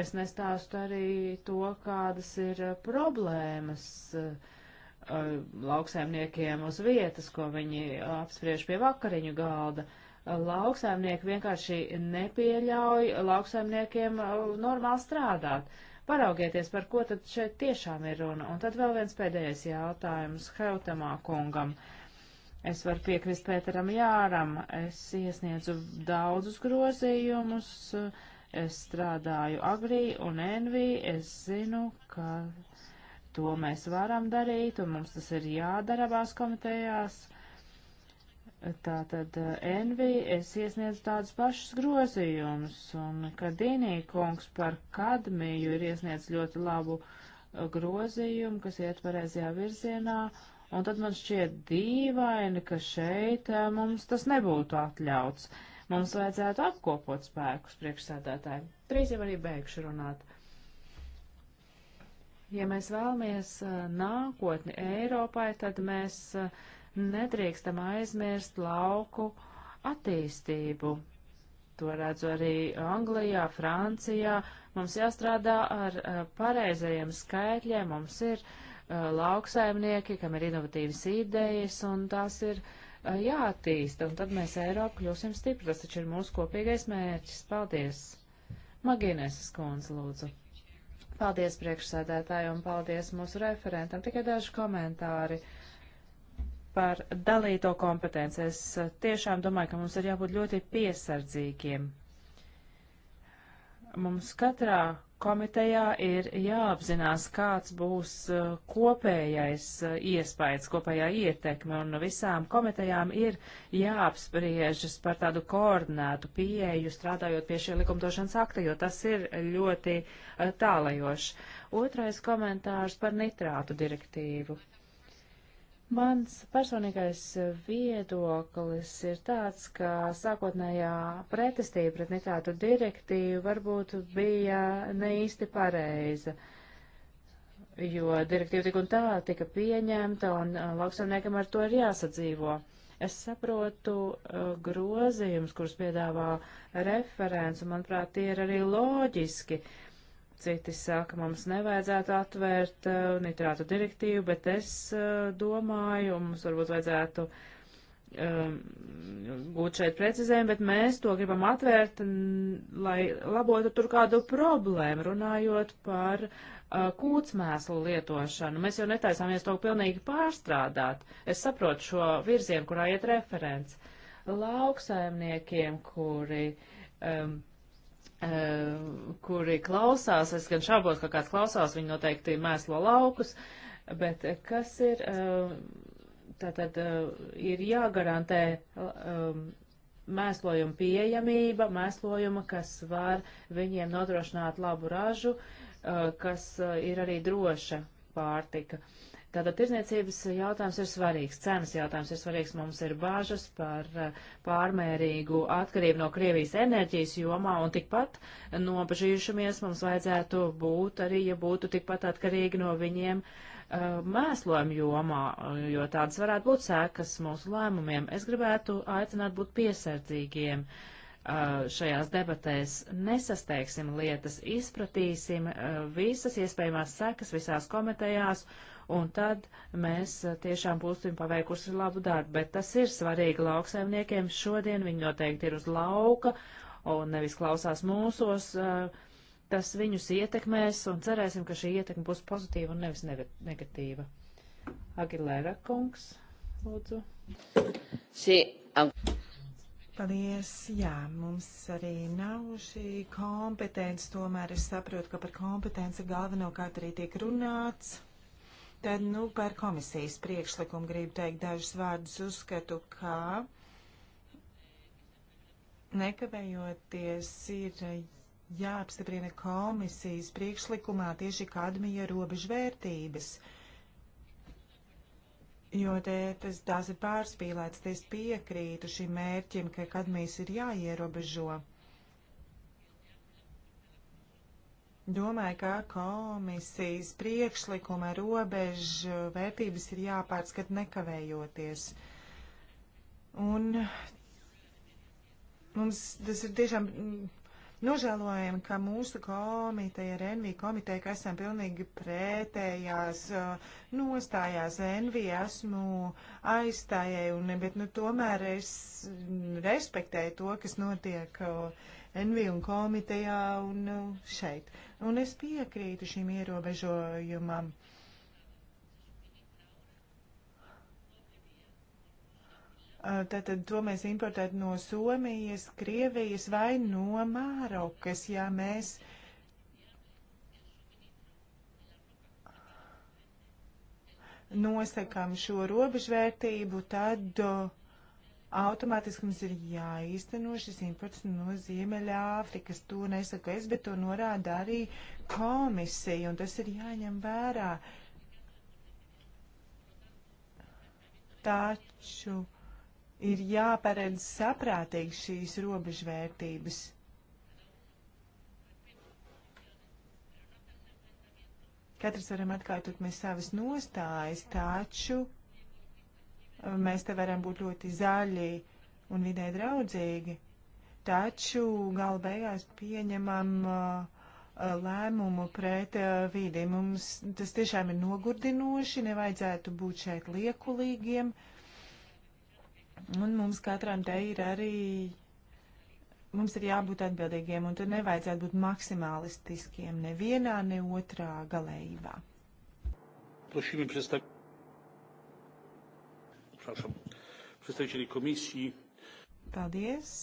Es nestāstu arī to, kādas ir eh, problēmas uh, lauksaimniekiem uz vietas, ko viņi apspriež pie vakariņu galda. Lauksaimnieki vienkārši nepieļauj lauksaimniekiem uh, normāli strādāt. Uh, Paraugieties, par ko tad šeit tiešām ir runa. Un tad vēl viens pēdējais jautājums Heutamā kungam. Es varu piekrist Pēteram Jāram. Es iesniedzu daudzus grozījumus. Es strādāju agrī un envī. Es zinu, ka to mēs varam darīt, un mums tas ir jādara abās komitejās. Uh, Tātad eh, Envi es iesniedzu tādus pašus grozījumus, un Kadīnī kungs par kadmiju ir iesniedz ļoti labu eh, grozījumu, kas iet pareizajā virzienā, un tad man šķiet dīvaini, ka šeit eh, mums tas nebūtu atļauts. Mums vajadzētu apkopot spēkus priekšsēdētāji. Trīs jau arī beigšu runāt. Ja mēs vēlamies nākotni Eiropai, tad mēs uh, nedrīkstam aizmirst lauku attīstību. To redzu arī Anglijā, Francijā. Mums jāstrādā ar uh, pareizajiem skaitļiem. Mums ir uh, lauksaimnieki, kam ir inovatīvas idejas, un tās ir uh, jāattīsta, un tad mēs Eiropu kļūsim stipri. Tas taču ir mūsu kopīgais mērķis. Paldies! Magīnēsas kundze, lūdzu. Paldies priekšsēdētāju un paldies mūsu referentam. Tikai daži komentāri. Uh, par dalīto kompetenci. Es eh, tiešām domāju, ka mums ir jābūt ļoti piesardzīgiem. Mums katrā komitejā ir jāapzinās, kāds būs eh, kopējais eh, iespējas, kopējā ietekme, un visām komitejām ir jāapspriežas par tādu koordinētu pieeju strādājot pie šī likumdošanas akta, jo tas ir ļoti tālajoši. Otrais komentārs par nitrātu direktīvu. Mans personīgais viedoklis ir tāds, ka sākotnējā pretestība pret nitrātu direktīvu varbūt bija neīsti pareiza, jo direktīva tik un tā tika pieņemta un uh, lauksaimniekam ar to ir jāsadzīvo. Es saprotu uh, grozījumus, kurus piedāvā referents, un manuprāt, tie ir arī loģiski. Uh, Citi saka, mums nevajadzētu atvērt uh, nitrātu direktīvu, bet es uh, domāju, mums varbūt vajadzētu um, gūt šeit precizējumu, bet mēs to gribam atvērt, lai labotu tur kādu problēmu, runājot par uh, kūtsmēslu lietošanu. Mēs jau netaisāmies to pilnīgi pārstrādāt. Es saprotu šo virzienu, kurā iet referents. Lauksaimniekiem, kuri. Um, Eh, kuri klausās, es gan šaubos, ka kāds klausās, viņi noteikti mēslo laukus, bet kas ir, eh, tātad eh, ir jāgarantē mēslojuma pieejamība, mēslojuma, kas var viņiem nodrošināt labu ražu, kas ir arī droša pārtika. Uh, Tātad tirzniecības jautājums ir svarīgs, cenas jautājums ir svarīgs. Mums ir bāžas par eh, pārmērīgu atkarību no Krievijas enerģijas jomā un tikpat nobežījušamies mums vajadzētu būt arī, ja būtu tikpat atkarīgi no viņiem eh, mēslojuma jomā, jo tādas varētu būt sēkas mūsu lēmumiem. Es gribētu aicināt būt piesardzīgiem. Uh, šajās debatēs nesasteigsim lietas, izpratīsim visas iespējamās sekas visās komitejās, un tad mēs tiešām būsim paveikusi labu darbu. Bet tas ir svarīgi lauksaimniekiem. Šodien viņi noteikti ir uz lauka un nevis klausās mūsos. Tas viņus ietekmēs, un cerēsim, ka šī ietekme būs pozitīva un nevis negatīva. Agilēra kungs, lūdzu. Sí. Am... Paldies. Jā, mums arī nav šī kompetence. Tomēr es saprotu, ka par kompetenci galvenokārt arī tiek runāts. Tad, nu, par komisijas priekšlikumu gribu teikt dažus vārdus. Uzskatu, ka nekavējoties ir jāapstiprina komisijas priekšlikumā tieši kadmija robežvērtības. vērtības Jo te, tas, tās ir pārspīlētas, es piekrītu šim mērķim, ka kadmijas ir jāierobežo. Domāju, ka komisijas priekšlikuma robežu vērtības ir jāpārskat nekavējoties. Un mums tas ir tiešām Nožēlojam, ka mūsu komiteja ir NV komiteja, ka esam pilnīgi pretējās uh, nostājās. NV esmu aizstājēju, un, bet nu, tomēr es respektēju to, kas notiek uh, NV un komitejā un uh, šeit. Un es piekrītu šim ierobežojumam. Tātad to mēs importētu no Somijas, Krievijas vai no Mārokas, ja mēs. Nosakām šo robežvērtību, tad uh, automātiski mums ir jāīsteno šis imports no Ziemeļāfrikas. To nesaku es, bet to norāda arī komisija, un tas ir jāņem vērā. Taču ir jāparedz saprātīgi šīs robežvērtības. Katrs varam atkārtot mēs savas nostājas, taču uh, mēs te varam būt ļoti zaļi un vidē draudzīgi, taču galu beigās pieņemam uh, uh, lēmumu pret uh, vīdi. Mums tas tiešām ir nogurdinoši, nevajadzētu būt šeit liekulīgiem. Uh, Un mums katram te ir arī, mums ir jābūt atbildīgiem, un tur nevajadzētu būt maksimālistiskiem nevienā, ne otrā galējībā. Prosimy przedstaw... Przepraszam. Przedstawicieli komisji. Paldies.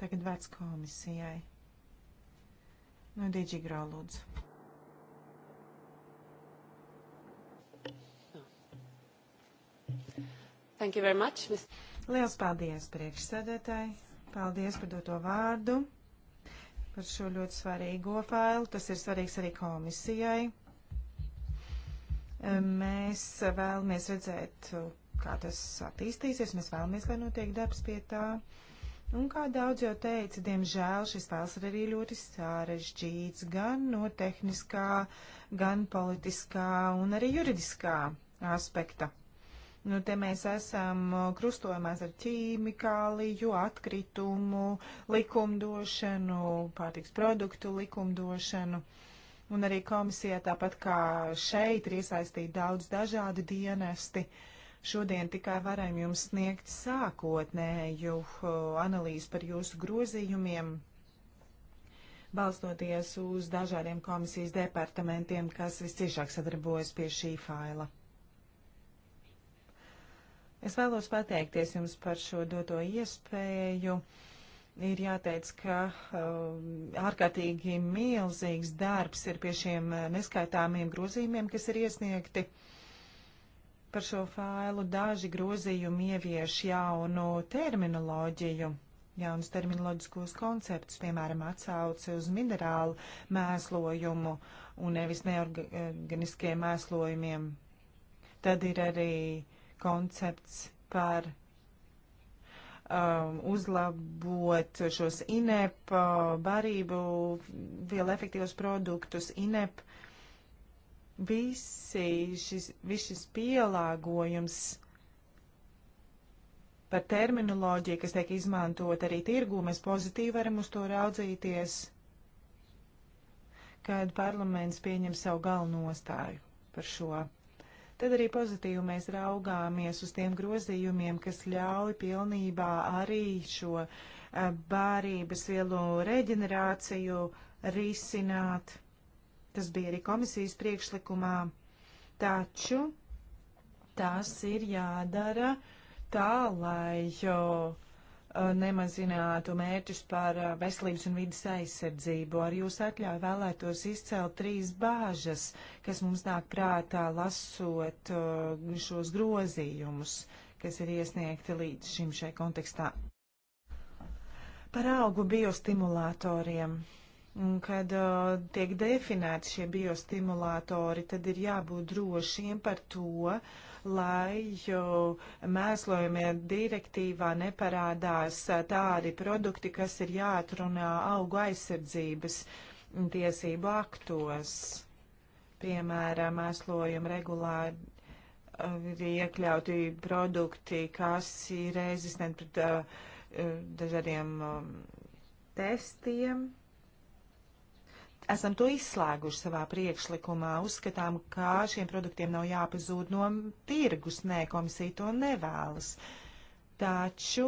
Tagad vārds komisijai. No Digi Grau lūdzu. Thank you very much. Ms. Liels paldies priekšsēdētāji. Paldies par doto vārdu, par šo ļoti svarīgo failu. Tas ir svarīgs arī komisijai. Mēs vēlamies redzēt, kā tas attīstīsies. Mēs vēlamies, lai notiek darbs pie tā. Un kā daudz jau teica, diemžēl šis tēls ir arī ļoti sarežģīts gan no tehniskā, gan politiskā un arī juridiskā aspekta. Nu, te mēs esam krustojumās ar ķīmikāliju, atkritumu, likumdošanu, pārtiks produktu likumdošanu. Un arī komisijā, tāpat kā šeit, ir iesaistīti daudz dažādi dienesti. Šodien tikai varam jums sniegt sākotnēju analīzi par jūsu grozījumiem, balstoties uz dažādiem komisijas departamentiem, kas visciešāk sadarbojas pie šī faila. Es vēlos pateikties jums par šo doto iespēju. Ir jāteic, ka uh, ārkārtīgi milzīgs darbs ir pie šiem uh, neskaitāmiem grozījumiem, kas ir iesniegti par šo failu. Daži grozījumi ievieš jaunu terminoloģiju jaunas terminoloģiskos konceptus, piemēram, atsauci uz minerālu mēslojumu un nevis neorganiskiem mēslojumiem. Tad ir arī koncepts par um, uzlabot šos INEP uh, barību, vielu efektīvos produktus, INEP. Visi šis, viss šis pielāgojums par terminoloģiju, kas tiek izmantot arī tirgū, mēs pozitīvi varam uz to raudzīties, kad parlaments pieņem savu galveno nostāju par šo Tad arī pozitīvi mēs raugāmies uz tiem grozījumiem, kas ļauj pilnībā arī šo eh, bārības vielu reģenerāciju risināt. Tas bija arī komisijas priekšlikumā. Taču tas ir jādara tā, lai jau Uh, nemazinātu mērķus par uh, veselības un vidas aizsardzību. Ar jūsu atļauju vēlētos izcelt trīs bāžas, kas mums nāk prātā lasot uh, šos grozījumus, kas ir iesniegti līdz šim šai kontekstā. Par augu biostimulatoriem. Un, kad uh, tiek definēti šie biostimulatori, tad ir jābūt drošiem par to, uh, lai mēslojumie direktīvā neparādās tādi produkti, kas ir jāatrunā augu aizsardzības tiesību aktos. Piemēram, mēslojuma regulā ir iekļauti produkti, kas ir rezistenti pret eh, dažādiem um, testiem. Uh, esam to izslēguši savā priekšlikumā. Uzskatām, ka šiem produktiem nav jāpazūd no tirgus. Nē, komisija to nevēlas. Taču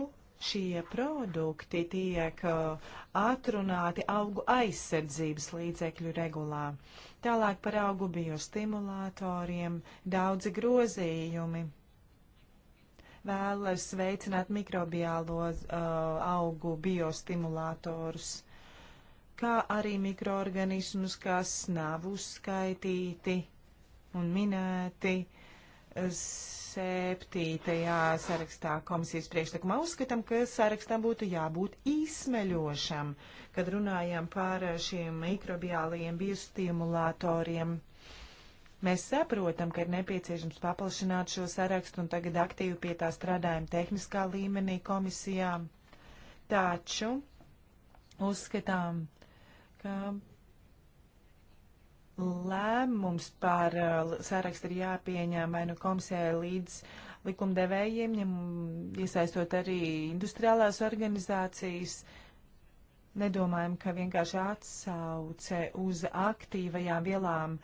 šie produkti tiek uh, atrunāti augu aizsardzības līdzekļu regulā. Tālāk par augu biostimulatoriem daudzi grozījumi vēlas veicināt mikrobiālo uh, augu biostimulatorus kā arī mikroorganismus, kas nav uzskaitīti un minēti septītajā sarakstā komisijas priekšlikumā. Uzskatām, ka sarakstam būtu jābūt izsmeļošam, kad runājam par šiem mikrobiālajiem biostimulatoriem. Mēs saprotam, ka ir nepieciešams paplašināt šo sarakstu un tagad aktīvi pie tā strādājam tehniskā līmenī komisijā. Taču uzskatām, ka lēmums par uh, sarakstu ir jāpieņem vai nu komisijai līdz likumdevējiem, ņem, iesaistot arī industriālās organizācijas. Nedomājam, ka vienkārši atsauce uz aktīvajām vielām, uh,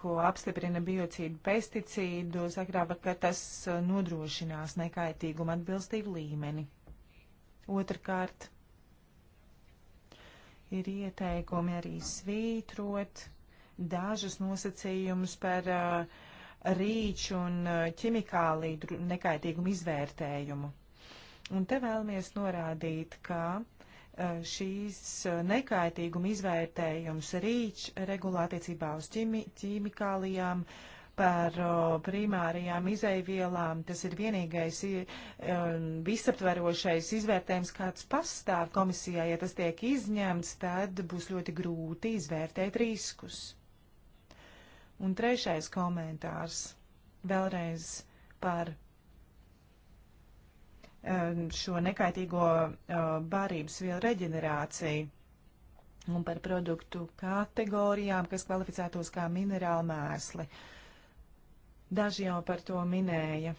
ko apstiprina biocīdu pesticīdu, sakrāba, ka tas uh, nodrošinās nekaitīgumu atbilstību līmeni. Otrakārt ir ieteikumi arī svītrot dažus nosacījumus par uh, rīču un uh, ķimikālīdu nekaitīgumu izvērtējumu. Un te vēlamies norādīt, ka uh, šīs uh, nekaitīguma izvērtējums rīč regulā attiecībā uz ķimi, ķimikālijām uh, par primārajām izaivielām. Tas ir vienīgais e, visaptverošais izvērtējums, kāds pastāv komisijā. Ja tas tiek izņemts, tad būs ļoti grūti izvērtēt riskus. Un trešais komentārs vēlreiz par e, šo nekaitīgo e, barības vielu reģenerāciju un par produktu kategorijām, kas kvalificētos kā minerāli mēsli. Uh, Daži jau par to minēja.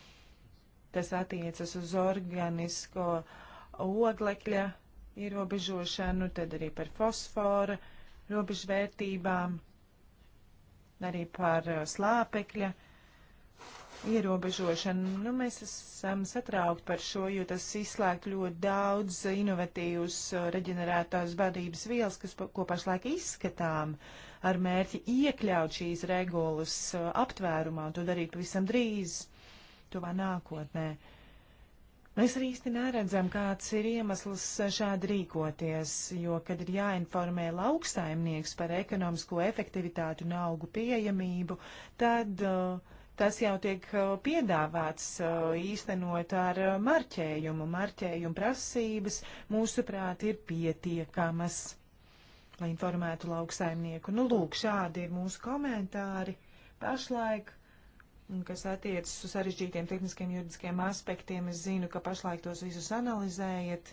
Tas attiecas uz organisko oglekļa ierobežošanu, tad arī par fosfora robežvērtībām, arī par uh, slāpekļa ierobežošanu. Nu, mēs esam satraukti par šo, jo tas izslēgt ļoti daudz inovatīvus uh, reģenerētās vadības vielas, kas, ko pašlaik izskatām. Uh, ar mērķi iekļaut šīs regulas uh, aptvērumā un to darīt pavisam drīz, tuvā nākotnē. Mēs arī īsti neredzam, kāds ir iemesls uh, šādi rīkoties, jo, kad ir jāinformē lauksaimnieks par ekonomisko efektivitāti un augu pieejamību, tad uh, tas jau tiek uh, piedāvāts īstenot ar marķējumu. Marķējuma prasības, mūsuprāt, ir pietiekamas lai informētu lauksaimnieku. Nu, lūk, šādi ir mūsu komentāri pašlaik, kas attiecas uz sarežģītiem tehniskiem juridiskiem aspektiem. Es zinu, ka pašlaik tos visus analizējiet.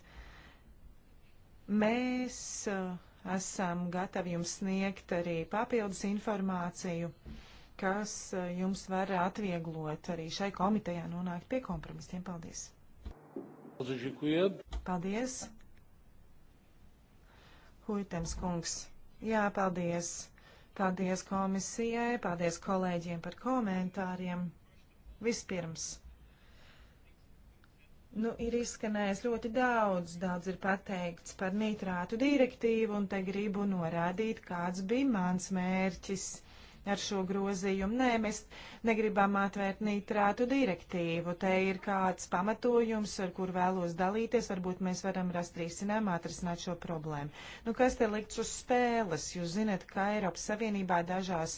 Mēs uh, esam gatavi jums sniegt arī papildus informāciju, kas uh, jums var atvieglot arī šai komitejā nonākt pie kompromisiem. Paldies! Paldies! Huitens kungs. Jā, paldies. Paldies komisijai, paldies kolēģiem par komentāriem. Vispirms. Nu, ir izskanējis ļoti daudz, daudz ir pateikts par nitrātu direktīvu, un te gribu norādīt, kāds bija mans mērķis ar šo grozījumu. Nē, mēs negribam atvērt nitrātu direktīvu. Te ir kāds pamatojums, ar kur vēlos dalīties. Varbūt mēs varam rast risinājumu atrisināt šo problēmu. Nu, kas te likts uz spēles? Jūs zinat, ka Eiropas Savienībā dažās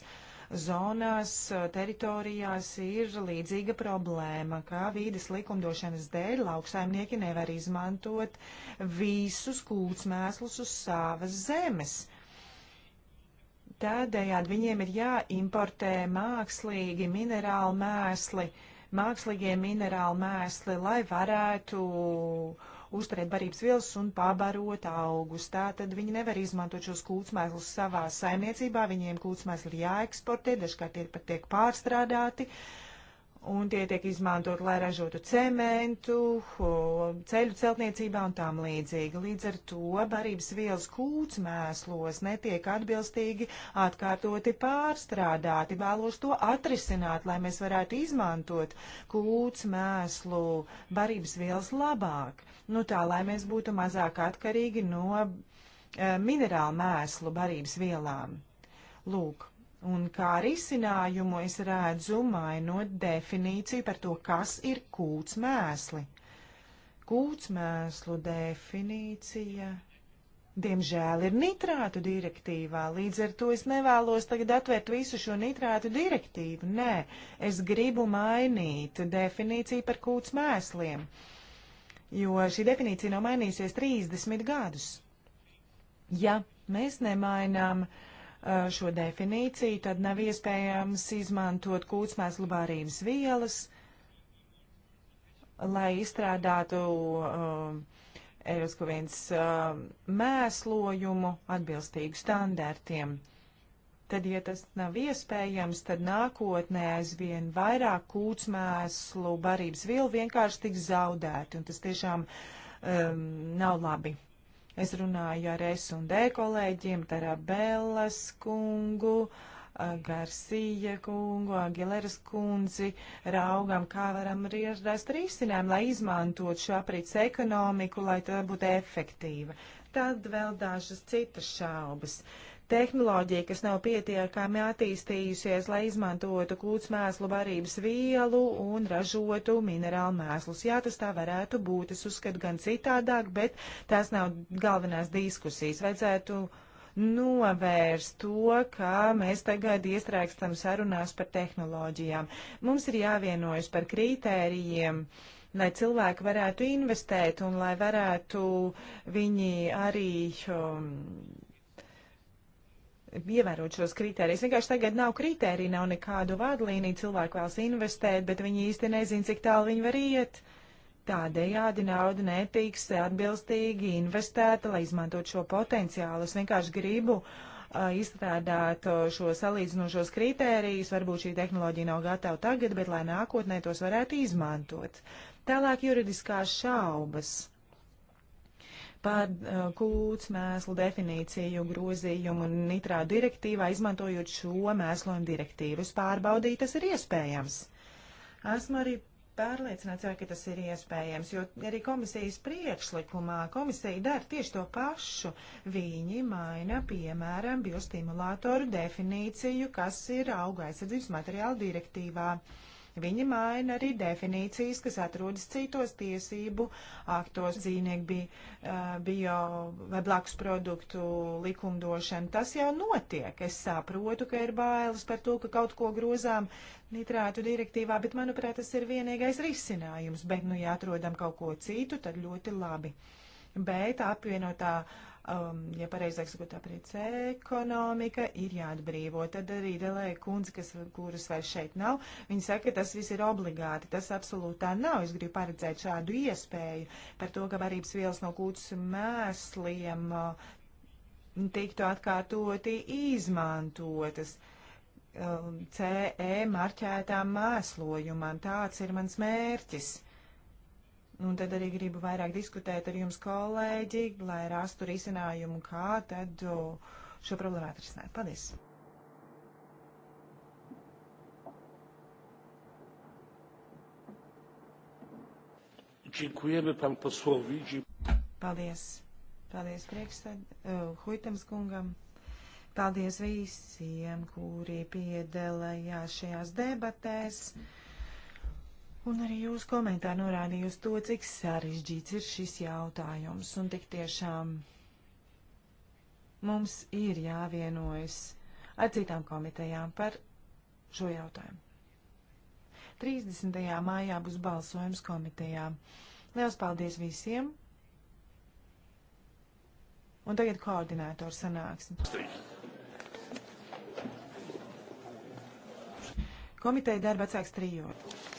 zonās, teritorijās ir līdzīga problēma, ka vīdes likumdošanas dēļ lauksaimnieki nevar izmantot visus kūtsmēslus uz savas zemes. Uh, Tādējādi viņiem ir jāimportē mākslīgi minerāli mēsli, mākslīgie minerāli mēsli, lai varētu uzturēt barības vielas un pabarot augus. Tātad viņi nevar izmantot šos kūtsmēslus savā saimniecībā, viņiem kūtsmēsli ir jāeksportē, dažkārt ir pat tiek pārstrādāti. Uh, un tie tiek izmantot, lai ražotu cementu, ceļu celtniecībā un tām līdzīgi. Līdz ar to barības vielas kūts mēslos netiek atbilstīgi atkārtoti pārstrādāti. Vēlos to atrisināt, lai mēs varētu izmantot kūts mēslu barības vielas labāk. Nu tā, lai mēs būtu mazāk atkarīgi no e, minerālu mēslu barības vielām. Lūk, Un kā risinājumu es redzu mainot definīciju par to, kas ir kūts mēsli. Kūts mēslu definīcija, diemžēl, ir nitrātu direktīvā, līdz ar to es nevēlos tagad atvērt visu šo nitrātu direktīvu. Nē, es gribu mainīt definīciju par kūts mēsliem, jo šī definīcija nav mainīsies 30 gadus. Ja mēs nemainām uh, šo definīciju, tad nav iespējams izmantot kūtsmēslu barības vielas, lai izstrādātu uh, Eirosko viens uh, mēslojumu atbilstīgu standartiem. Tad, ja tas nav iespējams, tad nākotnē aizvien vairāk kūtsmēslu barības vielu vienkārši tiks zaudēti, un tas tiešām um, nav labi. Es runāju ar S&D kolēģiem, Tarabellas kungu, Garcija kungu, Agileras kundzi, raugam, kā varam arī rast risinājumu, lai izmantot šo aprīts ekonomiku, lai tā būtu efektīva. Tad vēl dažas citas šaubas. Uh, tehnoloģija, kas nav pietiekami attīstījusies, lai izmantotu kūtsmēslu barības vielu un ražotu minerālu mēslus. Jā, tas tā varētu būt. Es uzskatu gan citādāk, bet tās nav galvenās diskusijas. Vajadzētu novērst to, kā mēs tagad iestrēgstam sarunās par tehnoloģijām. Mums ir jāvienojas par kritērijiem lai cilvēki varētu investēt un lai varētu viņi arī um, ievērot šos kritērijus. Vienkārši tagad nav kritērija, nav nekādu vadlīniju, cilvēki vēlas investēt, bet viņi īsti nezin, cik tālu viņi var iet. Tādējādi nauda netiks atbilstīgi investēta, lai izmantot šo potenciālu. Es vienkārši gribu uh, izstrādāt uh, šo salīdzinošos kritērijus. Varbūt šī tehnoloģija nav gatava tagad, bet lai nākotnē tos varētu izmantot. Tālāk juridiskās šaubas par uh, kūts mēslu definīciju grozījumu nitrā direktīvā, izmantojot šo mēslojumu direktīvu. Es pārbaudīju, tas ir iespējams. Esmu arī pārliecināts, vai, ka tas ir iespējams, jo arī komisijas priekšlikumā komisija dara tieši to pašu. Viņi maina, piemēram, biostimulātoru definīciju, kas ir auga aizsardzības materiāla direktīvā. Uh, Viņi maina arī definīcijas, kas atrodas citos tiesību aktos, dzīvnieku bija bio vai blakus produktu likumdošana. Tas jau notiek. Es saprotu, ka ir bailes par to, ka kaut ko grozām nitrātu direktīvā, bet manuprāt, tas ir vienīgais risinājums. Bet, nu, ja atrodam kaut ko citu, tad ļoti labi. Bet apvienotā uh, um, ja pareizāk sakot, aprīts ekonomika ir jāatbrīvo. Tad arī Delēja kundze, kas, kuras vairs šeit nav, viņa saka, ka tas viss ir obligāti. Tas absolūtā nav. Es gribu paredzēt šādu iespēju par to, ka varības vielas no kūtas mēsliem uh, tiktu atkārtoti izmantotas. Um, CE marķētām mēslojumam. Tāds ir mans mērķis. Uh, Un tad arī gribu vairāk diskutēt ar jums, kolēģi, lai rastu risinājumu, kā tad šo problēmu atrisināt. Paldies! Dziękujemy panu posłowi. Paldies. Paldies priekšsēd, uh, Huitams kungam. Paldies visiem, kuri piedalījās šajās debatēs. Mm. Un arī jūs komentāri norādīja uz to, cik sarežģīts ir šis jautājums. Un tik tiešām mums ir jāvienojas ar citām komitejām par šo jautājumu. 30. mājā būs balsojums komitejā. Liels paldies visiem! Un tagad koordinātoru sanāksme. Komiteja darba atsāks trijot.